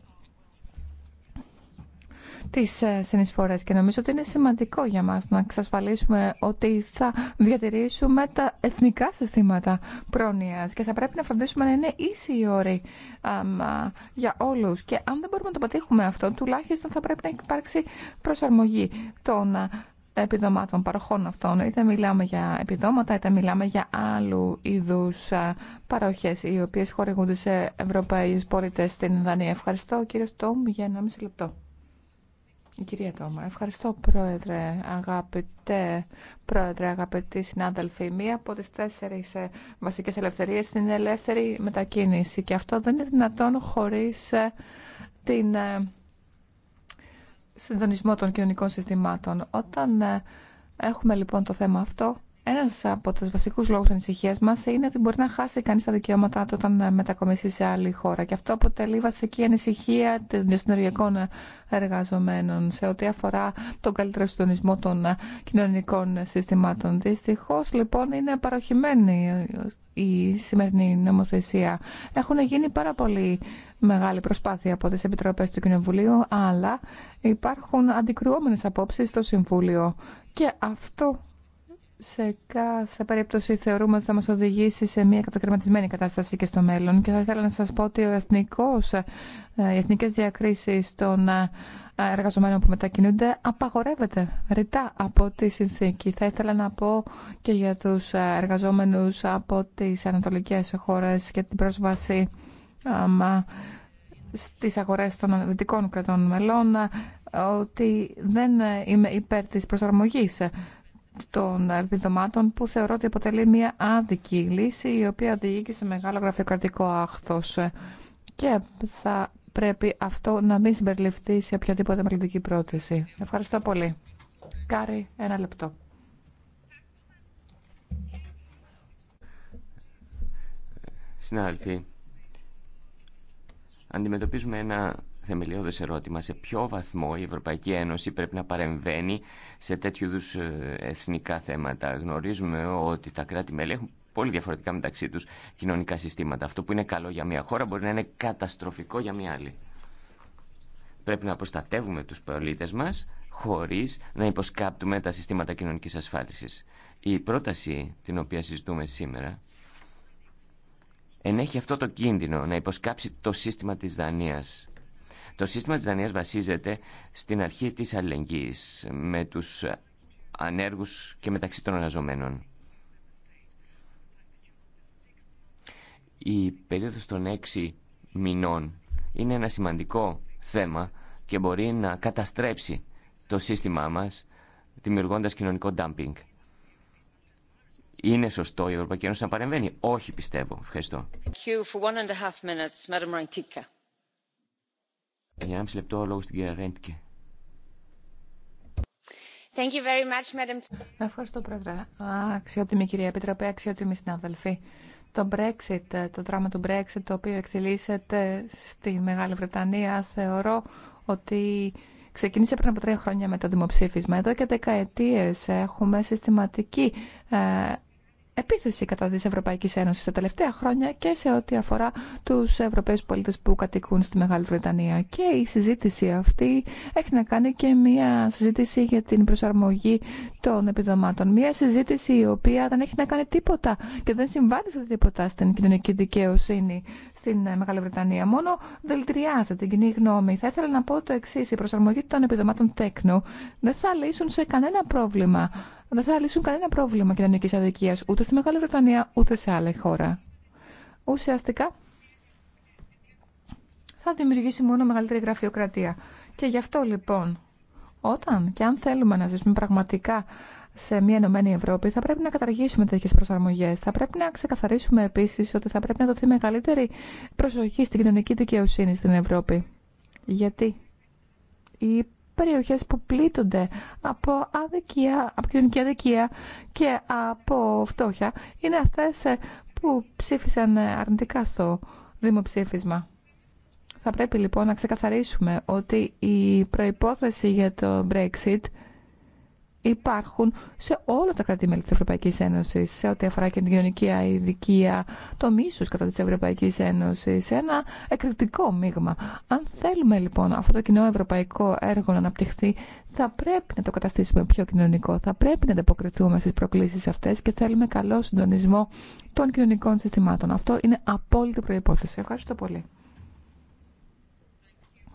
τι ε, συνεισφορέ. και νομίζω ότι είναι σημαντικό για μα να εξασφαλίσουμε ότι θα διατηρήσουμε τα εθνικά συστήματα πρόνοια και θα πρέπει να φροντίσουμε να είναι ίσοι οι όροι για όλου. και αν δεν μπορούμε να το πετύχουμε αυτό τουλάχιστον θα πρέπει να υπάρξει προσαρμογή των επιδομάτων, παροχών αυτών. Είτε μιλάμε για επιδόματα, είτε μιλάμε για άλλου είδου παροχέ, οι οποίε χορηγούνται σε Ευρωπαίου πολίτε στην Δανία. Ευχαριστώ, κύριε Τόμ, για 1,5 λεπτό. Η κυρία Τόμα, ευχαριστώ πρόεδρε, αγαπητέ πρόεδρε, αγαπητοί συνάδελφοι. Μία από τις τέσσερις ε, βασικές ελευθερίες είναι η ελεύθερη μετακίνηση και αυτό δεν είναι δυνατόν χωρίς ε, την ε, συντονισμό των κοινωνικών συστημάτων. Όταν ε, έχουμε λοιπόν το θέμα αυτό, ένα από τους βασικούς λόγους ανησυχία μας είναι ότι μπορεί να χάσει κανείς τα δικαιώματά όταν ε, μετακομίσει σε άλλη χώρα. Και αυτό αποτελεί βασική ανησυχία των διασυνοριακών εργαζομένων σε ό,τι αφορά τον καλύτερο συντονισμό των ε, κοινωνικών συστημάτων. Δυστυχώ, λοιπόν είναι παροχημένη ε, η σημερινή νομοθεσία. Έχουν γίνει πάρα πολύ μεγάλη προσπάθεια από τις Επιτροπές του Κοινοβουλίου, αλλά υπάρχουν αντικρουόμενες απόψεις στο Συμβούλιο. Και αυτό σε κάθε περίπτωση θεωρούμε ότι θα μας οδηγήσει σε μια κατακριματισμένη κατάσταση και στο μέλλον και θα ήθελα να σας πω ότι ο εθνικός, ε, οι εθνικές διακρίσεις των ε, εργαζομένων που μετακινούνται απαγορεύεται ρητά από τη συνθήκη. Θα ήθελα να πω και για τους ε, εργαζόμενους από τις ανατολικές χώρες και την πρόσβαση στις αγορές των δυτικών κρατών μελών ότι δεν είμαι υπέρ της προσαρμογής των επιδομάτων που θεωρώ ότι αποτελεί μια άδικη λύση η οποία οδηγεί σε μεγάλο γραφειοκρατικό άχθος και θα πρέπει αυτό να μην συμπεριληφθεί σε οποιαδήποτε μελλοντική πρόθεση. Ευχαριστώ πολύ. Κάρι, ένα λεπτό. Συνάδελφοι, αντιμετωπίζουμε ένα Θεμελιωδε ερώτημα σε ποιο βαθμό η Ευρωπαϊκή Ένωση πρέπει να παρεμβαίνει σε τέτοιου είδου ε, εθνικά θέματα. Γνωρίζουμε ότι τα κράτη-μέλη έχουν πολύ διαφορετικά μεταξύ του κοινωνικά συστήματα. Αυτό που είναι καλό για μια χώρα μπορεί να είναι καταστροφικό για μια άλλη. Πρέπει να προστατεύουμε του πολίτε μα χωρί να υποσκάπτουμε τα συστήματα κοινωνική ασφάλισης. Η πρόταση την οποία συζητούμε σήμερα ενέχει αυτό το κίνδυνο να υποσκάψει το σύστημα της Δανίας το σύστημα της Δανίας βασίζεται στην αρχή της αλληλεγγύης με τους ανέργους και μεταξύ των εργαζομένων. Η περίοδος των έξι μηνών είναι ένα σημαντικό θέμα και μπορεί να καταστρέψει το σύστημά μας δημιουργώντας κοινωνικό ντάμπινγκ. Είναι σωστό η Ευρωπαϊκή Ένωση να παρεμβαίνει. Όχι πιστεύω. Ευχαριστώ. Για μισή λεπτό λόγο στην κυρία Ρέντκε. Thank you very much, Madam. Ευχαριστώ, Πρόεδρε. Αξιότιμη κυρία Επιτροπή, αξιότιμη συναδελφή. Το Brexit, το δράμα του Brexit, το οποίο εκτελήσεται στη Μεγάλη Βρετανία, θεωρώ ότι ξεκίνησε πριν από τρία χρόνια με το δημοψήφισμα. Εδώ και δεκαετίες έχουμε συστηματική ε, επίθεση κατά της Ευρωπαϊκής Ένωσης τα τελευταία χρόνια και σε ό,τι αφορά τους Ευρωπαίους πολίτες που κατοικούν στη Μεγάλη Βρετανία. Και η συζήτηση αυτή έχει να κάνει και μια συζήτηση για την προσαρμογή των επιδομάτων. Μια συζήτηση η οποία δεν έχει να κάνει τίποτα και δεν συμβάλλει σε τίποτα στην κοινωνική δικαιοσύνη στην ε, Μεγάλη Βρετανία. Μόνο δελτριάζεται την κοινή γνώμη. Θα ήθελα να πω το εξή. Η προσαρμογή των επιδομάτων τέκνου δεν θα λύσουν σε κανένα πρόβλημα. Δεν θα λύσουν κανένα πρόβλημα κοινωνική αδικία ούτε στη Μεγάλη Βρετανία ούτε σε άλλη χώρα. Ουσιαστικά θα δημιουργήσει μόνο μεγαλύτερη γραφειοκρατία. Και γι' αυτό λοιπόν, όταν και αν θέλουμε να ζήσουμε πραγματικά σε μια ενωμένη Ευρώπη, θα πρέπει να καταργήσουμε τέτοιε προσαρμογέ. Θα πρέπει να ξεκαθαρίσουμε επίση ότι θα πρέπει να δοθεί μεγαλύτερη προσοχή στην κοινωνική δικαιοσύνη στην Ευρώπη. Γιατί οι περιοχέ που πλήττονται από, αδικία, από κοινωνική αδικία και από φτώχεια είναι αυτέ που ψήφισαν αρνητικά στο δημοψήφισμα. Θα πρέπει λοιπόν να ξεκαθαρίσουμε ότι η προϋπόθεση για το Brexit υπάρχουν σε όλα τα κράτη-μέλη της Ευρωπαϊκής Ένωσης σε ό,τι αφορά και την κοινωνική αειδικία το μίσος κατά της Ευρωπαϊκής Ένωσης, ένα εκρηκτικό μείγμα. Αν θέλουμε λοιπόν αυτό το κοινό ευρωπαϊκό έργο να αναπτυχθεί, θα πρέπει να το καταστήσουμε πιο κοινωνικό, θα πρέπει να ανταποκριθούμε στις προκλήσεις αυτές και θέλουμε καλό συντονισμό των κοινωνικών συστημάτων. Αυτό είναι απόλυτη προϋπόθεση. Ευχαριστώ πολύ.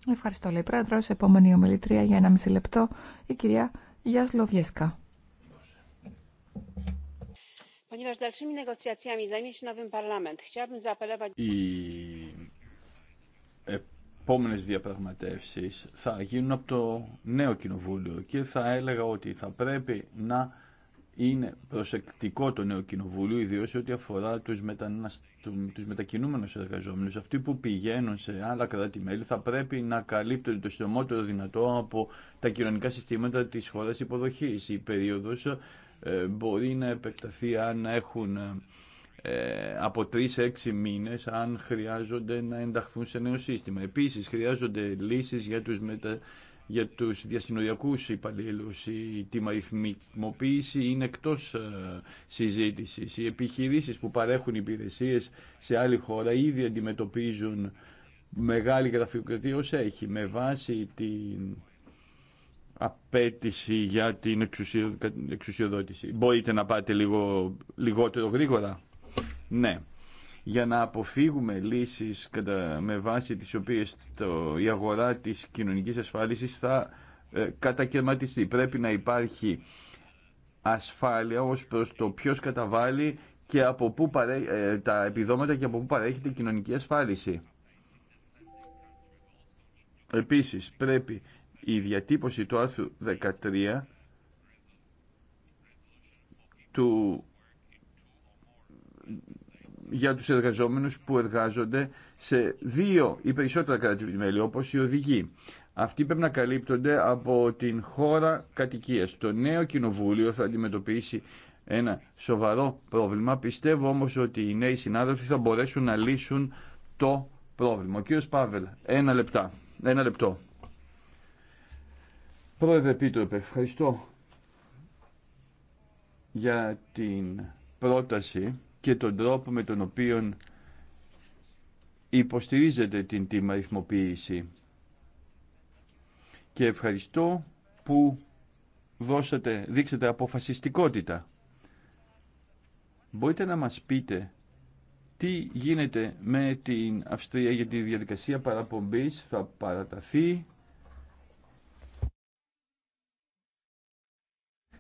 Ευχαριστώ, πρόεδρο. Επόμενη ομιλητρία για ένα μισή λεπτό, η κυρία zaapelować... Οι επόμενες διαπραγματεύσεις θα γίνουν από το νέο κοινοβούλιο και θα έλεγα ότι θα πρέπει να είναι προσεκτικό το νέο κοινοβούλιο, ιδίω ό,τι αφορά του τους μετακινούμενους Αυτοί που πηγαίνουν σε άλλα κράτη-μέλη θα πρέπει να καλύπτουν το συντομότερο δυνατό από τα κοινωνικά συστήματα τη χώρα υποδοχή. Η περίοδος ε, μπορεί να επεκταθεί αν έχουν ε, από τρει έξι μήνε αν χρειάζονται να ενταχθούν σε νέο σύστημα. Επίση, χρειάζονται λύσει για του μετα για τους διασυνοριακούς υπαλλήλους. Η τιμαριθμιμοποίηση είναι εκτός ε, συζήτησης. Οι επιχειρήσεις που παρέχουν υπηρεσίες σε άλλη χώρα ήδη αντιμετωπίζουν μεγάλη γραφειοκρατία όσο έχει με βάση την απέτηση για την εξουσιοδότηση. Μπορείτε να πάτε λίγο λιγότερο γρήγορα. Ναι για να αποφύγουμε λύσεις κατά, με βάση τις οποίες το, η αγορά της κοινωνικής ασφάλισης θα ε, κατακαιρματιστεί. Πρέπει να υπάρχει ασφάλεια ως προς το ποιος καταβάλει και από πού ε, τα επιδόματα και από πού παρέχεται η κοινωνική ασφάλιση. Επίσης πρέπει η διατύπωση του άρθρου 13 του για τους εργαζόμενους που εργάζονται σε δύο ή περισσότερα κράτη-μέλη, όπως οι οδηγοί. Αυτοί πρέπει να καλύπτονται από την χώρα κατοικίας. Το νέο κοινοβούλιο θα αντιμετωπίσει ένα σοβαρό πρόβλημα. Πιστεύω όμως ότι οι νέοι συνάδελφοι θα μπορέσουν να λύσουν το πρόβλημα. Ο κύριος Πάβελ, ένα, λεπτά, ένα λεπτό. Πρόεδρε Πίτροπε, ευχαριστώ για την πρόταση και τον τρόπο με τον οποίο υποστηρίζετε την τιμαριθμοποίηση. Και ευχαριστώ που δώσατε, δείξατε αποφασιστικότητα. Μπορείτε να μας πείτε τι γίνεται με την Αυστρία για τη διαδικασία παραπομπής θα παραταθεί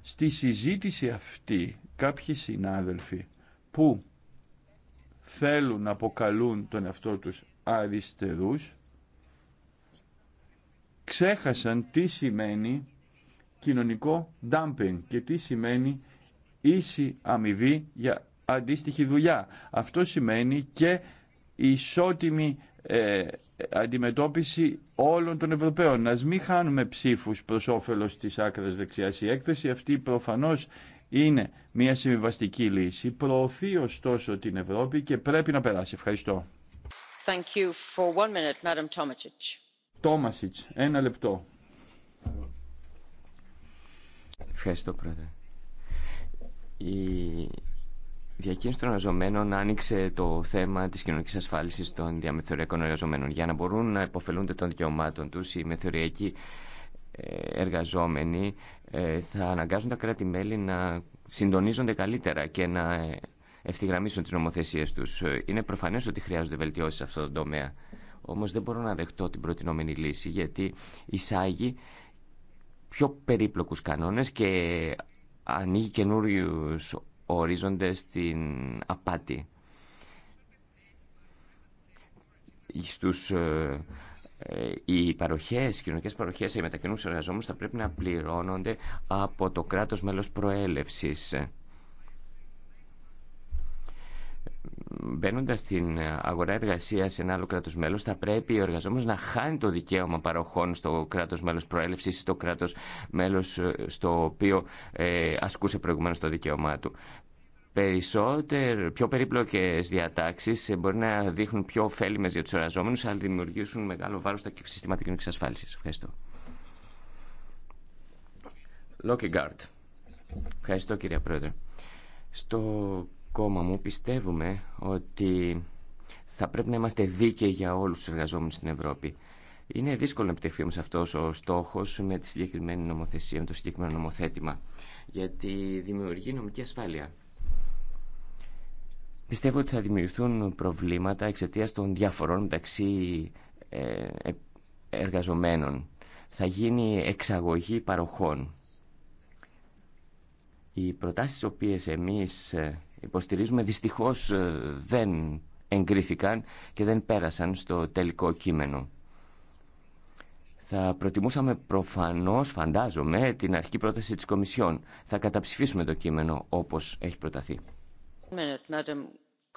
στη συζήτηση αυτή κάποιοι συνάδελφοι που θέλουν να αποκαλούν τον εαυτό τους αριστερούς ξέχασαν τι σημαίνει κοινωνικό dumping και τι σημαίνει ίση αμοιβή για αντίστοιχη δουλειά. Αυτό σημαίνει και ισότιμη ε, αντιμετώπιση όλων των Ευρωπαίων. Να μην χάνουμε ψήφους προς όφελος της άκρας δεξιάς. Η έκθεση αυτή προφανώς είναι μια συμβιβαστική λύση, προωθεί ωστόσο την Ευρώπη και πρέπει να περάσει. Ευχαριστώ. Thank you for one minute, Madam ένα λεπτό. Ευχαριστώ, Πρόεδρε. Η διακίνηση των εργαζομένων άνοιξε το θέμα τη κοινωνική ασφάλιση των διαμεθοριακών εργαζομένων. Για να μπορούν να υποφελούνται των δικαιωμάτων του, οι μεθοριακοί εργαζόμενοι ε, θα αναγκάζουν τα κράτη-μέλη να συντονίζονται καλύτερα και να ε, ευθυγραμμίσουν τις νομοθεσίες τους. Είναι προφανές ότι χρειάζονται βελτιώσεις σε αυτό το τομέα. Όμως δεν μπορώ να δεχτώ την προτινόμενη λύση γιατί εισάγει πιο περίπλοκους κανόνες και ανοίγει καινούριου ορίζοντες στην απάτη. Στους ε, ε, οι παροχές, οι κοινωνικές παροχές, οι μετακινούμενους εργαζόμενους θα πρέπει να πληρώνονται από το κράτος μέλος προέλευσης. Μπαίνοντα στην αγορά εργασία σε ένα άλλο κράτο μέλο, θα πρέπει ο εργαζόμενο να χάνει το δικαίωμα παροχών στο κράτο μέλο προέλευση ή στο κράτο μέλο ε, στο οποίο ε, ασκούσε προηγουμένω το δικαίωμά του περισσότερο, πιο περίπλοκες διατάξεις ε, μπορεί να δείχνουν πιο ωφέλιμες για τους εργαζόμενους, αλλά δημιουργήσουν μεγάλο βάρος στα συστήματα κοινωνικής ασφάλισης. Ευχαριστώ. Γκάρτ. Ευχαριστώ κύριε Πρόεδρε. Στο κόμμα μου πιστεύουμε ότι θα πρέπει να είμαστε δίκαιοι για όλους τους εργαζόμενους στην Ευρώπη. Είναι δύσκολο να επιτευχθεί όμως αυτό ο στόχο με τη συγκεκριμένη νομοθεσία, με το συγκεκριμένο νομοθέτημα, γιατί δημιουργεί νομική ασφάλεια. Πιστεύω ότι θα δημιουργηθούν προβλήματα εξαιτία των διαφορών μεταξύ ε, ε, εργαζομένων. Θα γίνει εξαγωγή παροχών. Οι προτάσεις οποίες εμείς ε, υποστηρίζουμε δυστυχώς δεν εγκρίθηκαν και δεν πέρασαν στο τελικό κείμενο. Θα προτιμούσαμε προφανώς, φαντάζομαι, την αρχική πρόταση της Κομισιόν. Θα καταψηφίσουμε το κείμενο όπως έχει προταθεί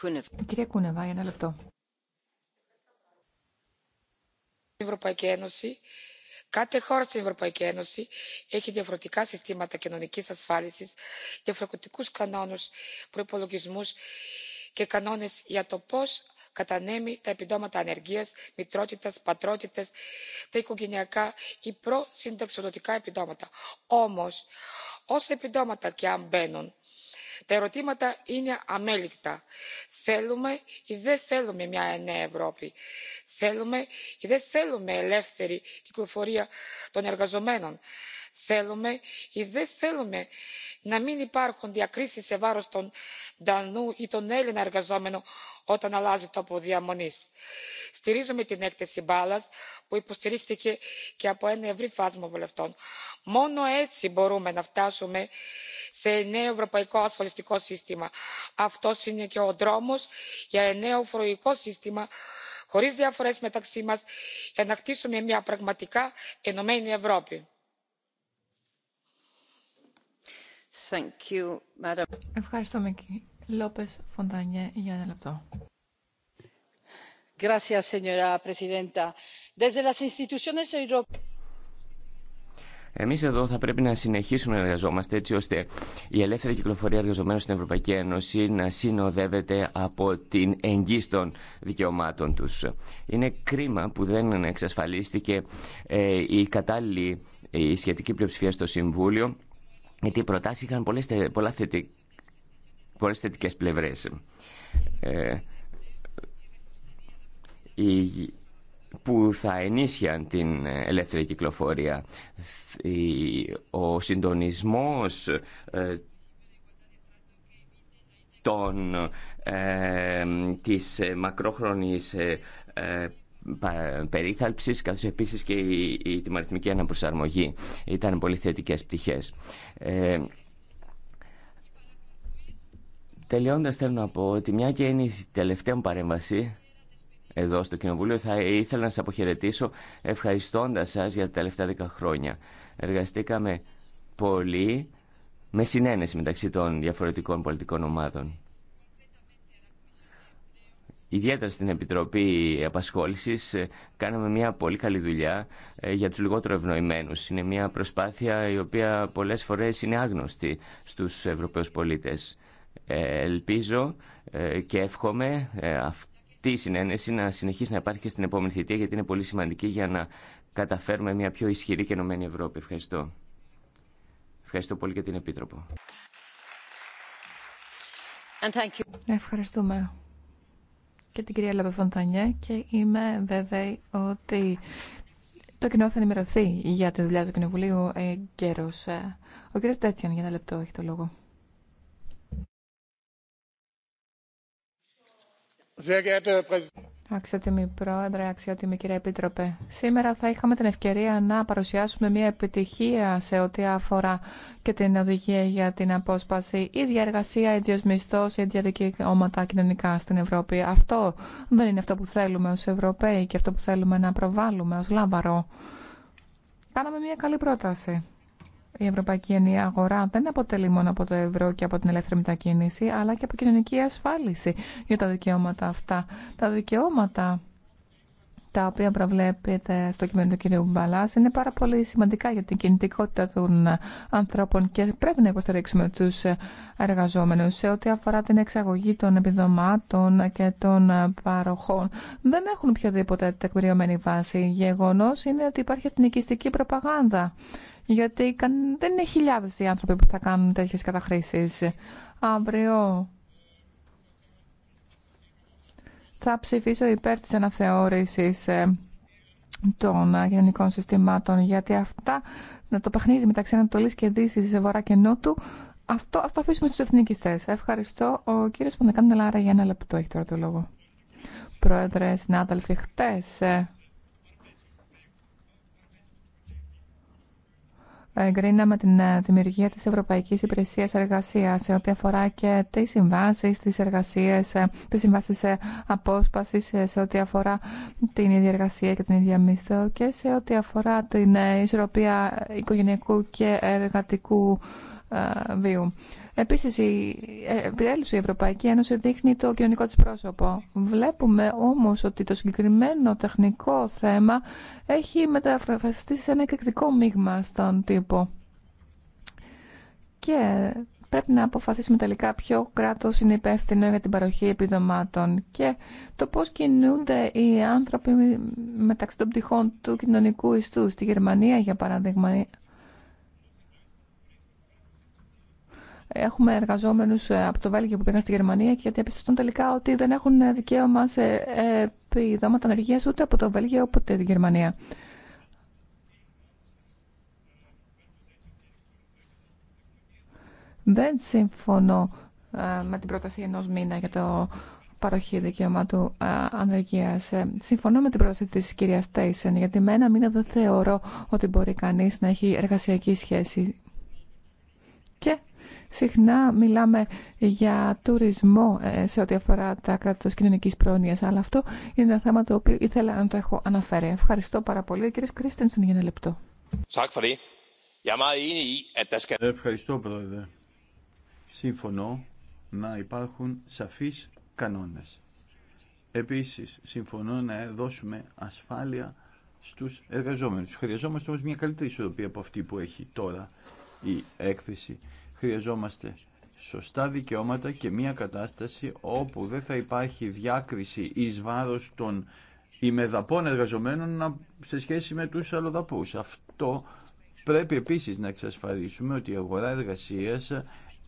ένα Η Ευρωπαϊκή Ένωση Κάθε χώρα στην Ευρωπαϊκή Ένωση έχει διαφορετικά συστήματα κοινωνική ασφάλιση, διαφορετικού κανόνε, προπολογισμού και κανόνε για το πώ κατανέμει τα επιδόματα ανεργία, μητρότητα, πατρότητα, τα οικογενειακά ή προσύνταξοδοτικά επιδόματα. Όμω, όσα επιδόματα και αν μπαίνουν, τα ερωτήματα είναι αμέλικτα. θέλουμε ή δεν θέλουμε μια νέα ευρώπη θέλουμε ή δεν θέλουμε ελεύθερη κυκλοφορία των εργαζομένων; θέλουμε ή δεν θέλουμε να μην υπάρχουν διακρίσεις σε βάρος των Δανού ή των Έλληνα εργαζομένων όταν αλλάζει τόπο διαμονής. στηρίζουμε την έκθεση μπάλας που υποστηρίχθηκε και από ένα ευρύ φάσμα βουλευτών. μόνο έτσι μπορούμε να φτάσουμε σε νέο ευρωπαϊκό ασφαλιστικό σύστημα. αυτός είναι και ο δρόμος για νέο φορολογικό σύστημα χωρίς διαφορές μεταξύ μας για να χτίσουμε μια πραγματικά ενωμένη ευρώπη. Λόπες Φοντανιέ, για ένα λεπτό. Εμεί εδώ θα πρέπει να συνεχίσουμε να εργαζόμαστε έτσι ώστε η ελεύθερη κυκλοφορία εργαζομένων στην Ευρωπαϊκή Ένωση να συνοδεύεται από την εγγύηση των δικαιωμάτων του. Είναι κρίμα που δεν εξασφαλίστηκε ε, η κατάλληλη η σχετική πλειοψηφία στο Συμβούλιο γιατί οι προτάσει είχαν πολλές, θετικ... πολλές θετικές πλευρές. Ε, που θα ενίσχυαν την ελεύθερη κυκλοφορία. Ο συντονισμός ε, των, ε, της μακρόχρονης Περίθαλψη, καθώς επίσης και η, η τιμαριθμική αναπροσαρμογή ήταν πολύ θετικέ πτυχές. Ε, θέλω να πω ότι μια και είναι η τελευταία μου παρέμβαση εδώ στο Κοινοβούλιο θα ήθελα να σας αποχαιρετήσω ευχαριστώντα σας για τα τελευταία δέκα χρόνια. Εργαστήκαμε πολύ με συνένεση μεταξύ των διαφορετικών πολιτικών ομάδων ιδιαίτερα στην Επιτροπή Απασχόλησης, ε, κάναμε μια πολύ καλή δουλειά ε, για τους λιγότερο ευνοημένους. Είναι μια προσπάθεια η οποία πολλές φορές είναι άγνωστη στους Ευρωπαίους πολίτες. Ε, ελπίζω και εύχομαι αυτή η συνένεση να συνεχίσει να υπάρχει και στην επόμενη θητεία γιατί είναι πολύ σημαντική για να καταφέρουμε μια πιο ισχυρή και ενωμένη Ευρώπη. Ευχαριστώ. Ευχαριστώ πολύ και την Επίτροπο. Ευχαριστούμε και την κυρία Λαπεφοντανιέ και είμαι βέβαιη ότι το κοινό θα ενημερωθεί για τη δουλειά του Κοινοβουλίου εγκαίρως. Ο κύριος Τέτιαν για ένα λεπτό έχει το λόγο. Αξιότιμη Πρόεδρε, αξιότιμη κύριε Επίτροπε, σήμερα θα είχαμε την ευκαιρία να παρουσιάσουμε μια επιτυχία σε ό,τι αφορά και την οδηγία για την απόσπαση, ή διαργασία ίδιος μισθός, ίδια δικαιώματα κοινωνικά στην Ευρώπη. Αυτό δεν είναι αυτό που θέλουμε ως Ευρωπαίοι και αυτό που θέλουμε να προβάλλουμε ως λάβαρο. Κάναμε μια καλή πρόταση η Ευρωπαϊκή ενιαία Αγορά δεν αποτελεί μόνο από το ευρώ και από την ελεύθερη μετακίνηση, αλλά και από κοινωνική ασφάλιση για τα δικαιώματα αυτά. Τα δικαιώματα τα οποία προβλέπετε στο κείμενο του κ. Μπαλά είναι πάρα πολύ σημαντικά για την κινητικότητα των ανθρώπων και πρέπει να υποστηρίξουμε του εργαζόμενου σε ό,τι αφορά την εξαγωγή των επιδομάτων και των παροχών. Δεν έχουν οποιαδήποτε τεκμηριωμένη βάση. Γεγονό είναι ότι υπάρχει εθνικιστική προπαγάνδα γιατί δεν είναι χιλιάδε οι άνθρωποι που θα κάνουν τέτοιες καταχρήσεις. Αύριο θα ψηφίσω υπέρ της αναθεώρησης ε, των γενικών συστημάτων, γιατί αυτά, το παιχνίδι μεταξύ ανατολή και Δύση σε Βορρά και Νότου, αυτό ας το αφήσουμε στους εθνικιστές. Ευχαριστώ. Ο κύριος Φοντεκάν Λάρα για ένα λεπτό έχει τώρα το λόγο. Πρόεδρε, συνάδελφοι, χτες ε, εγκρίναμε την ε, δημιουργία της Ευρωπαϊκής Υπηρεσίας Εργασίας σε ό,τι αφορά και τις συμβάσεις, τις εργασίας, ε, τις συμβάσεις ε, απόσπασης, σε ό,τι αφορά την ίδια εργασία και την ίδια μισθό και σε ό,τι αφορά την ισορροπία οικογενειακού και εργατικού βίου. Επίση, η, ε, η Ευρωπαϊκή Ένωση δείχνει το κοινωνικό τη πρόσωπο. Βλέπουμε όμω ότι το συγκεκριμένο τεχνικό θέμα έχει μεταφραστεί σε ένα εκρηκτικό μείγμα στον τύπο. Και πρέπει να αποφασίσουμε τελικά ποιο κράτο είναι υπεύθυνο για την παροχή επιδομάτων και το πώ κινούνται οι άνθρωποι μεταξύ των πτυχών του κοινωνικού ιστού. Στη Γερμανία, για παράδειγμα, Έχουμε εργαζόμενου ε, από το Βέλγιο που πήγαν στη Γερμανία και διαπιστώσαν τελικά ότι δεν έχουν ε, δικαίωμα σε ε, επιδόματα ανεργία ούτε από το Βέλγιο ούτε τη Γερμανία. Δεν συμφωνώ με την πρόταση ενό μήνα για το παροχή δικαιωμάτου ανεργία. Συμφωνώ με την πρόταση τη κυρία Τέισεν, γιατί με ένα μήνα δεν θεωρώ ότι μπορεί κανεί να έχει εργασιακή σχέση Συχνά μιλάμε για τουρισμό ε, σε ό,τι αφορά τα κράτη τη κοινωνική πρόνοια, αλλά αυτό είναι ένα θέμα το οποίο ήθελα να το έχω αναφέρει. Ευχαριστώ πάρα πολύ. Κύριε Κρίστενσεν, για ένα λεπτό. Ευχαριστώ, Πρόεδρε. Συμφωνώ να υπάρχουν σαφείς κανόνες. Επίσης, συμφωνώ να δώσουμε ασφάλεια στους εργαζόμενους. Χρειαζόμαστε όμως μια καλύτερη ισορροπία από αυτή που έχει τώρα η έκθεση Χρειαζόμαστε σωστά δικαιώματα και μια κατάσταση όπου δεν θα υπάρχει διάκριση εις βάρος των ημεδαπών εργαζομένων σε σχέση με τους αλλοδαπούς. Αυτό πρέπει επίσης να εξασφαλίσουμε ότι η αγορά εργασίας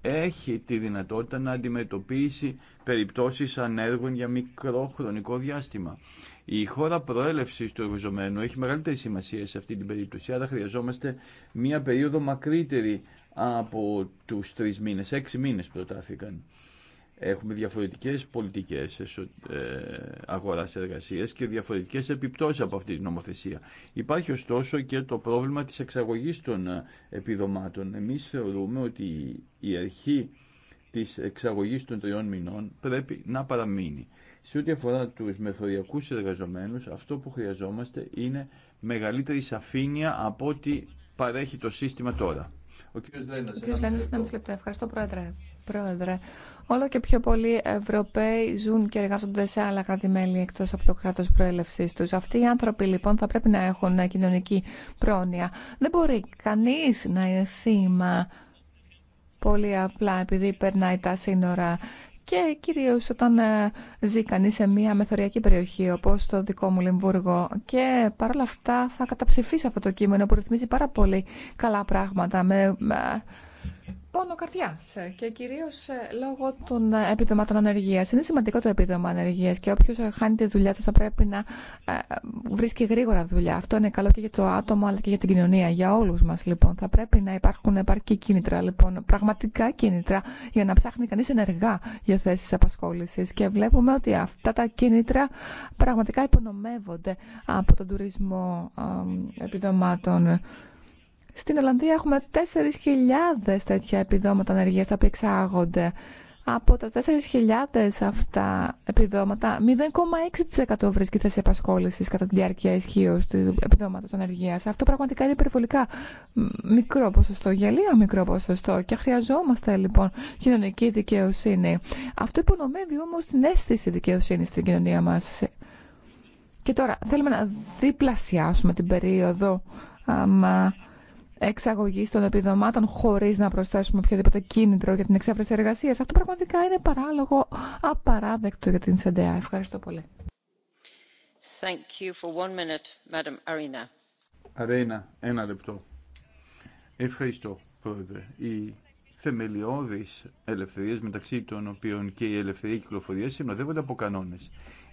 έχει τη δυνατότητα να αντιμετωπίσει περιπτώσεις ανέργων για μικρό χρονικό διάστημα. Η χώρα προέλευση του εργαζομένου έχει μεγαλύτερη σημασία σε αυτή την περίπτωση, άρα χρειαζόμαστε μια περίοδο μακρύτερη από τους τρει μήνες. Έξι μήνες προτάθηκαν. Έχουμε διαφορετικές πολιτικές ε, αγοράς εργασίας και διαφορετικές επιπτώσεις από αυτή τη νομοθεσία. Υπάρχει ωστόσο και το πρόβλημα της εξαγωγής των ε, επιδομάτων. Εμείς θεωρούμε ότι η αρχή της εξαγωγής των τριών μηνών πρέπει να παραμείνει. Σε ό,τι αφορά τους μεθοριακούς εργαζομένους, αυτό που χρειαζόμαστε είναι μεγαλύτερη σαφήνεια από ό,τι παρέχει το σύστημα τώρα. Ο κ. Λένας. ένα μισή λεπτό. Ευχαριστώ, Πρόεδρε. Πρόεδρε. Όλο και πιο πολλοί Ευρωπαίοι ζουν και εργάζονται σε άλλα κράτη-μέλη εκτό από το κράτο προέλευσή του. Αυτοί οι άνθρωποι λοιπόν θα πρέπει να έχουν κοινωνική πρόνοια. Δεν μπορεί κανεί να είναι θύμα πολύ απλά επειδή περνάει τα σύνορα και κυρίως όταν ε, ζει κανείς σε μια μεθοριακή περιοχή όπως το δικό μου Λιμβούργο και παρόλα αυτά θα καταψηφίσω αυτό το κείμενο που ρυθμίζει πάρα πολύ καλά πράγματα με πόνο καρδιά ε, και κυρίω ε, λόγω των ε, επιδομάτων ανεργία. Είναι σημαντικό το επίδομα ανεργία και όποιο χάνει τη δουλειά του θα πρέπει να βρίσκει γρήγορα δουλειά. Αυτό είναι καλό και για το άτομο αλλά και για την κοινωνία, για όλου μα λοιπόν. Θα πρέπει να υπάρχουν επαρκή κίνητρα λοιπόν, πραγματικά κίνητρα για να ψάχνει κανεί ενεργά για θέσει απασχόληση. Και βλέπουμε ότι αυτά τα κίνητρα πραγματικά υπονομεύονται από τον τουρισμό επιδομάτων. Στην Ολλανδία έχουμε 4.000 τέτοια επιδόματα ανεργία τα οποία εξάγονται. Από τα 4.000 αυτά επιδόματα, 0,6% βρίσκει θέση απασχόληση κατά τη διάρκεια ισχύω του επιδόματο ανεργία. Αυτό πραγματικά είναι υπερβολικά μικρό ποσοστό, γελία μικρό ποσοστό. Και χρειαζόμαστε λοιπόν κοινωνική δικαιοσύνη. Αυτό υπονομεύει όμω την αίσθηση δικαιοσύνη στην κοινωνία μα. Και τώρα θέλουμε να διπλασιάσουμε την περίοδο. Αμα εξαγωγή των επιδομάτων χωρί να προσθέσουμε οποιοδήποτε κίνητρο για την εξέφραση εργασία. Αυτό πραγματικά είναι παράλογο, απαράδεκτο για την ΣΕΝΤΕΑ. Ευχαριστώ πολύ. Thank you for one minute, Madam Arena. Arena, ένα λεπτό. Ευχαριστώ, Πρόεδρε. Οι θεμελιώδεις ελευθερίες, μεταξύ των οποίων και η ελευθερία κυκλοφορία, συνοδεύονται από κανόνε.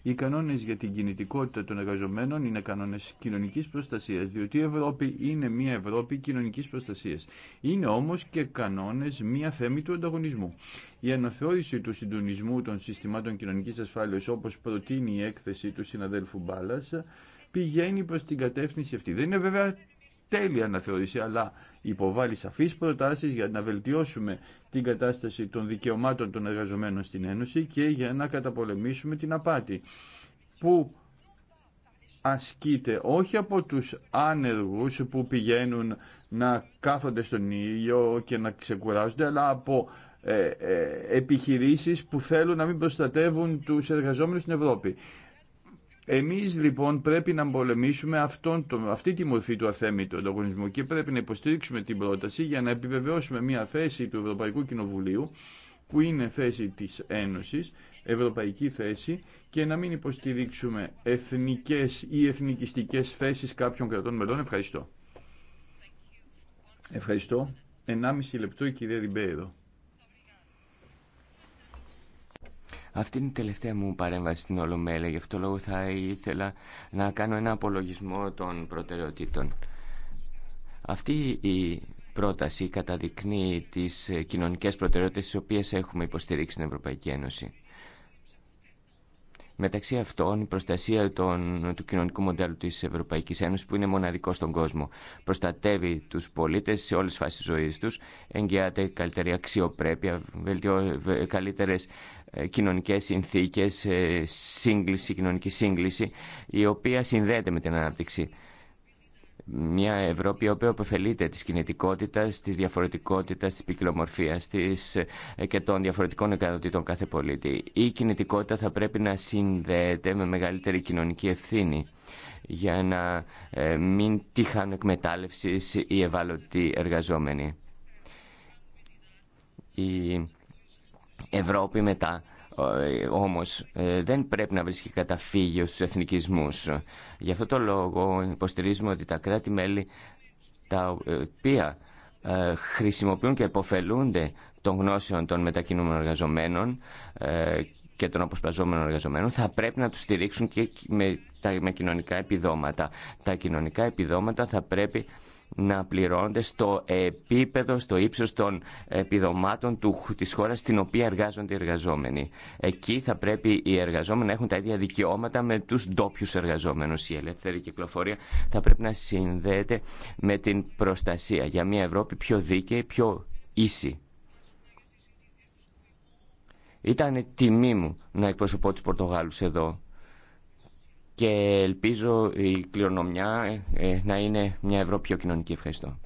Οι κανόνες για την κινητικότητα των εργαζομένων είναι κανόνες κοινωνικής προστασίας, διότι η Ευρώπη είναι μια Ευρώπη κοινωνικής προστασίας. Είναι όμως και κανόνες μια θέμη του ανταγωνισμού. Η αναθεώρηση του συντονισμού των συστημάτων κοινωνικής ασφάλειας, όπως προτείνει η έκθεση του συναδέλφου Μπάλας, πηγαίνει προς την κατεύθυνση αυτή. Δεν είναι βέβαια τέλεια αναθεώρηση, αλλά υποβάλει σαφείς προτάσεις για να βελτιώσουμε την κατάσταση των δικαιωμάτων των εργαζομένων στην Ένωση και για να καταπολεμήσουμε την απάτη που ασκείται όχι από τους άνεργους που πηγαίνουν να κάθονται στον ήλιο και να ξεκουράζονται, αλλά από ε, ε επιχειρήσεις που θέλουν να μην προστατεύουν τους εργαζόμενους στην Ευρώπη. Εμείς λοιπόν πρέπει να πολεμήσουμε αυτόν, το, αυτή τη μορφή του αθέμητου ανταγωνισμού και πρέπει να υποστηρίξουμε την πρόταση για να επιβεβαιώσουμε μια θέση του Ευρωπαϊκού Κοινοβουλίου που είναι θέση της Ένωσης, ευρωπαϊκή θέση και να μην υποστηρίξουμε εθνικές ή εθνικιστικές θέσεις κάποιων κρατών μελών. Ευχαριστώ. Ευχαριστώ. 1,5 λεπτό η κυρία Ριμπέιρο. Αυτή είναι η τελευταία μου παρέμβαση στην Ολομέλεια. Γι' αυτό λόγο θα ήθελα να κάνω ένα απολογισμό των προτεραιοτήτων. Αυτή η πρόταση καταδεικνύει τις κοινωνικές προτεραιότητες τις οποίες έχουμε υποστηρίξει στην Ευρωπαϊκή Ένωση. Μεταξύ αυτών η προστασία των, του κοινωνικού μοντέλου της Ευρωπαϊκής Ένωσης που είναι μοναδικό στον κόσμο. Προστατεύει τους πολίτες σε όλες τις φάσεις ζωής τους, εγγυάται καλύτερη αξιοπρέπεια, βελτιώ, καλύτερες ε, κοινωνικές συνθήκες, ε, σύγκληση, κοινωνική σύγκληση, η οποία συνδέεται με την ανάπτυξη. Μια Ευρώπη οποία αποφελείται της κινητικότητας, της διαφορετικότητας, της ποικιλομορφίας της ε, και των διαφορετικών εκατοτήτων κάθε πολίτη. Η κινητικότητα θα πρέπει να συνδέεται με μεγαλύτερη κοινωνική ευθύνη για να μην τύχαν εκμετάλλευσης οι ευάλωτοι εργαζόμενοι. Η Ευρώπη μετά όμως ε, δεν πρέπει να βρίσκει καταφύγιο στους εθνικισμούς. Γι' αυτό το λόγο υποστηρίζουμε ότι τα κράτη-μέλη τα ε, οποία ε, χρησιμοποιούν και υποφελούνται των γνώσεων των μετακινούμενων εργαζομένων και των αποσπαζόμενων εργαζομένων θα πρέπει να τους στηρίξουν και με, τα, με κοινωνικά επιδόματα. Τα κοινωνικά επιδόματα θα πρέπει να πληρώνονται στο επίπεδο, στο ύψος των επιδομάτων του, της χώρας στην οποία εργάζονται οι εργαζόμενοι. Εκεί θα πρέπει οι εργαζόμενοι να έχουν τα ίδια δικαιώματα με τους ντόπιου εργαζόμενους. Η ελεύθερη κυκλοφορία θα πρέπει να συνδέεται με την προστασία για μια Ευρώπη πιο δίκαιη, πιο ίση. Ήταν τιμή μου να εκπροσωπώ τους Πορτογάλους εδώ και ελπίζω η κληρονομιά ε, ε, να είναι μια Ευρώπη πιο κοινωνική. Ευχαριστώ.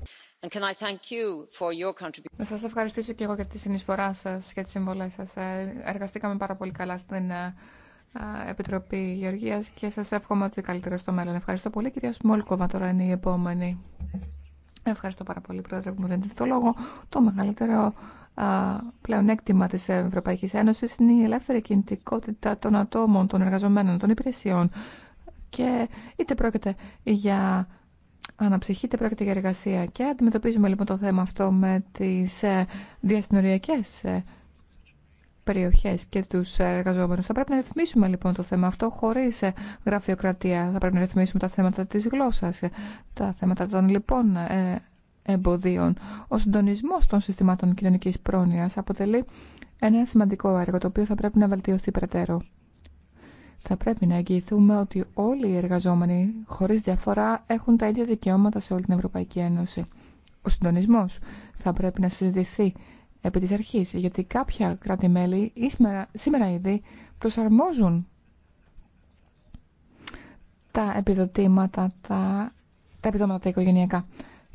να σας ευχαριστήσω και εγώ για τη συνεισφορά σας και τις συμβολές σας. Ε, εργαστήκαμε πάρα πολύ καλά στην Επιτροπή Γεωργίας και σας εύχομαι ότι καλύτερο στο μέλλον. Ευχαριστώ πολύ. Κυρία Σμόλκοβα τώρα είναι η επόμενη. Ευχαριστώ πάρα πολύ, Πρόεδρε, που μου δίνετε το λόγο. Το μεγαλύτερο πλεονέκτημα της Ευρωπαϊκής Ένωσης είναι η ελεύθερη κινητικότητα των ατόμων, των εργαζομένων, των υπηρεσιών και είτε πρόκειται για αναψυχή, είτε πρόκειται για εργασία και αντιμετωπίζουμε λοιπόν το θέμα αυτό με τις ε, διασυνοριακέ. Ε, περιοχές και τους ε, εργαζόμενους. Θα πρέπει να ρυθμίσουμε λοιπόν το θέμα αυτό χωρίς ε, γραφειοκρατία. Θα πρέπει να ρυθμίσουμε τα θέματα της γλώσσας, ε, τα θέματα των λοιπόν εμποδίων. Ο συντονισμός των συστημάτων κοινωνικής πρόνοιας αποτελεί ένα σημαντικό έργο το οποίο θα πρέπει να βελτιωθεί περαιτέρω. Θα πρέπει να εγγυηθούμε ότι όλοι οι εργαζόμενοι, χωρί διαφορά, έχουν τα ίδια δικαιώματα σε όλη την Ευρωπαϊκή Ένωση. Ο συντονισμό θα πρέπει να συζητηθεί επί της αρχής, γιατί κάποια κράτη-μέλη σήμερα, σήμερα ήδη προσαρμόζουν τα επιδοτήματα, τα, τα επιδόματα οικογενειακά.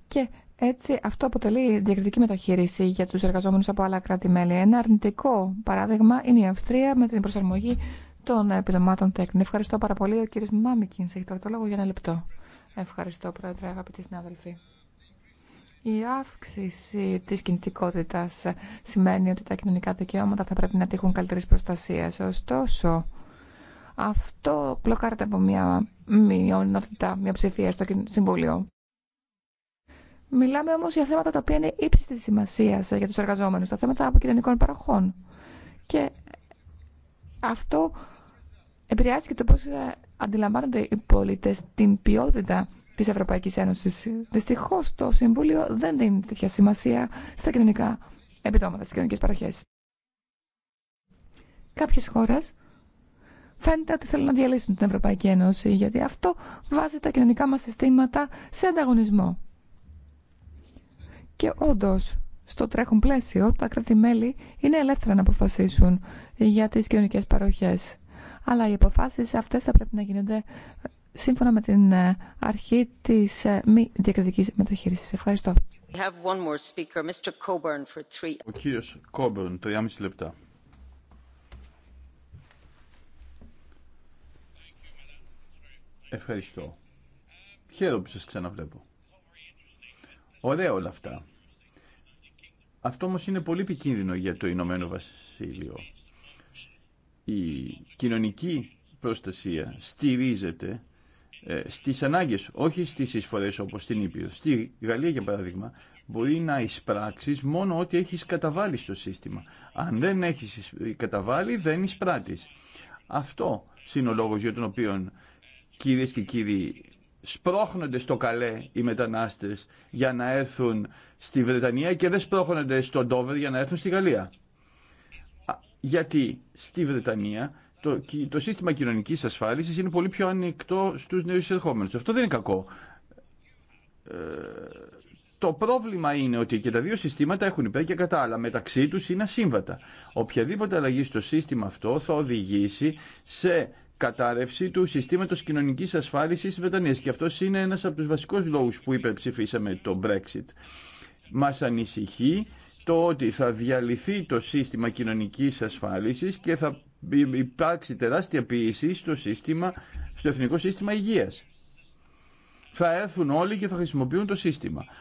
Και έτσι αυτό αποτελεί διακριτική μεταχείριση για τους εργαζόμενους από άλλα κράτη-μέλη. Ένα αρνητικό παράδειγμα είναι η Αυστρία με την προσαρμογή των επιδομάτων τέκνων. Ευχαριστώ πάρα πολύ. Ο κύριος Μάμικινς έχει τώρα το λόγο για ένα λεπτό. Ευχαριστώ, Πρόεδρε, αγαπητοί συνάδελφοι. Η αύξηση της κινητικότητας σημαίνει ότι τα κοινωνικά δικαιώματα θα πρέπει να τύχουν καλύτερης προστασίας. Ωστόσο, αυτό πλοκάρεται από μια μειονότητα, μια ψηφία στο Συμβούλιο. Μιλάμε όμως για θέματα τα οποία είναι ύψης της σημασίας για τους εργαζόμενους, τα θέματα από κοινωνικών παροχών. Και αυτό επηρεάζει και το πώς ε, αντιλαμβάνονται οι πολίτες την ποιότητα της Ευρωπαϊκής Ένωσης. Δυστυχώς το Συμβούλιο δεν δίνει τέτοια σημασία στα κοινωνικά επιτόματα, στις κοινωνικές παροχές. Κάποιες χώρες φαίνεται ότι θέλουν να διαλύσουν την Ευρωπαϊκή Ένωση, γιατί αυτό βάζει τα κοινωνικά μας συστήματα σε ανταγωνισμό. Και όντω, στο τρέχον πλαίσιο, τα κράτη-μέλη είναι ελεύθερα να αποφασίσουν για τις κοινωνικές παροχές. Αλλά οι αποφάσεις αυτές θα πρέπει να γίνονται σύμφωνα με την ε, αρχή της ε, μη διακριτικής μεταχείρισης. Ευχαριστώ. Ο κύριος Κόμπερν, μισή λεπτά. Ευχαριστώ. Χαίρομαι που σας ξαναβλέπω. Ωραία όλα αυτά. Αυτό όμως είναι πολύ επικίνδυνο για το Ηνωμένο Βασίλειο. Η κοινωνική προστασία στηρίζεται ε, στις ανάγκες, όχι στις εισφορές όπως την Ήπειρο. Στη Γαλλία, για παράδειγμα, μπορεί να εισπράξεις μόνο ό,τι έχεις καταβάλει στο σύστημα. Αν δεν έχεις ε, καταβάλει, δεν εισπράττεις. Αυτό είναι ο λόγος για τον οποίο, κυρίες και κύριοι, σπρώχνονται στο καλέ οι μετανάστες για να έρθουν στη Βρετανία και δεν σπρώχνονται στο Ντόβερ για να έρθουν στη Γαλλία. Γιατί στη Βρετανία το, το σύστημα κοινωνικής ασφάλισης είναι πολύ πιο ανοιχτό στους νέους εισερχόμενους. Αυτό δεν είναι κακό. Ε, το πρόβλημα είναι ότι και τα δύο συστήματα έχουν υπέρ και κατά, αλλά μεταξύ τους είναι ασύμβατα. Οποιαδήποτε αλλαγή στο σύστημα αυτό θα οδηγήσει σε κατάρρευση του συστήματος κοινωνικής ασφάλισης της Βρετανίας. Και αυτός είναι ένας από τους βασικούς λόγους που υπερψηφίσαμε το Brexit. Μας ανησυχεί το ότι θα διαλυθεί το σύστημα κοινωνικής ασφάλισης και θα υπάρξει τεράστια ποιήση στο, σύστημα, στο εθνικό σύστημα υγείας. Θα έρθουν όλοι και θα χρησιμοποιούν το σύστημα.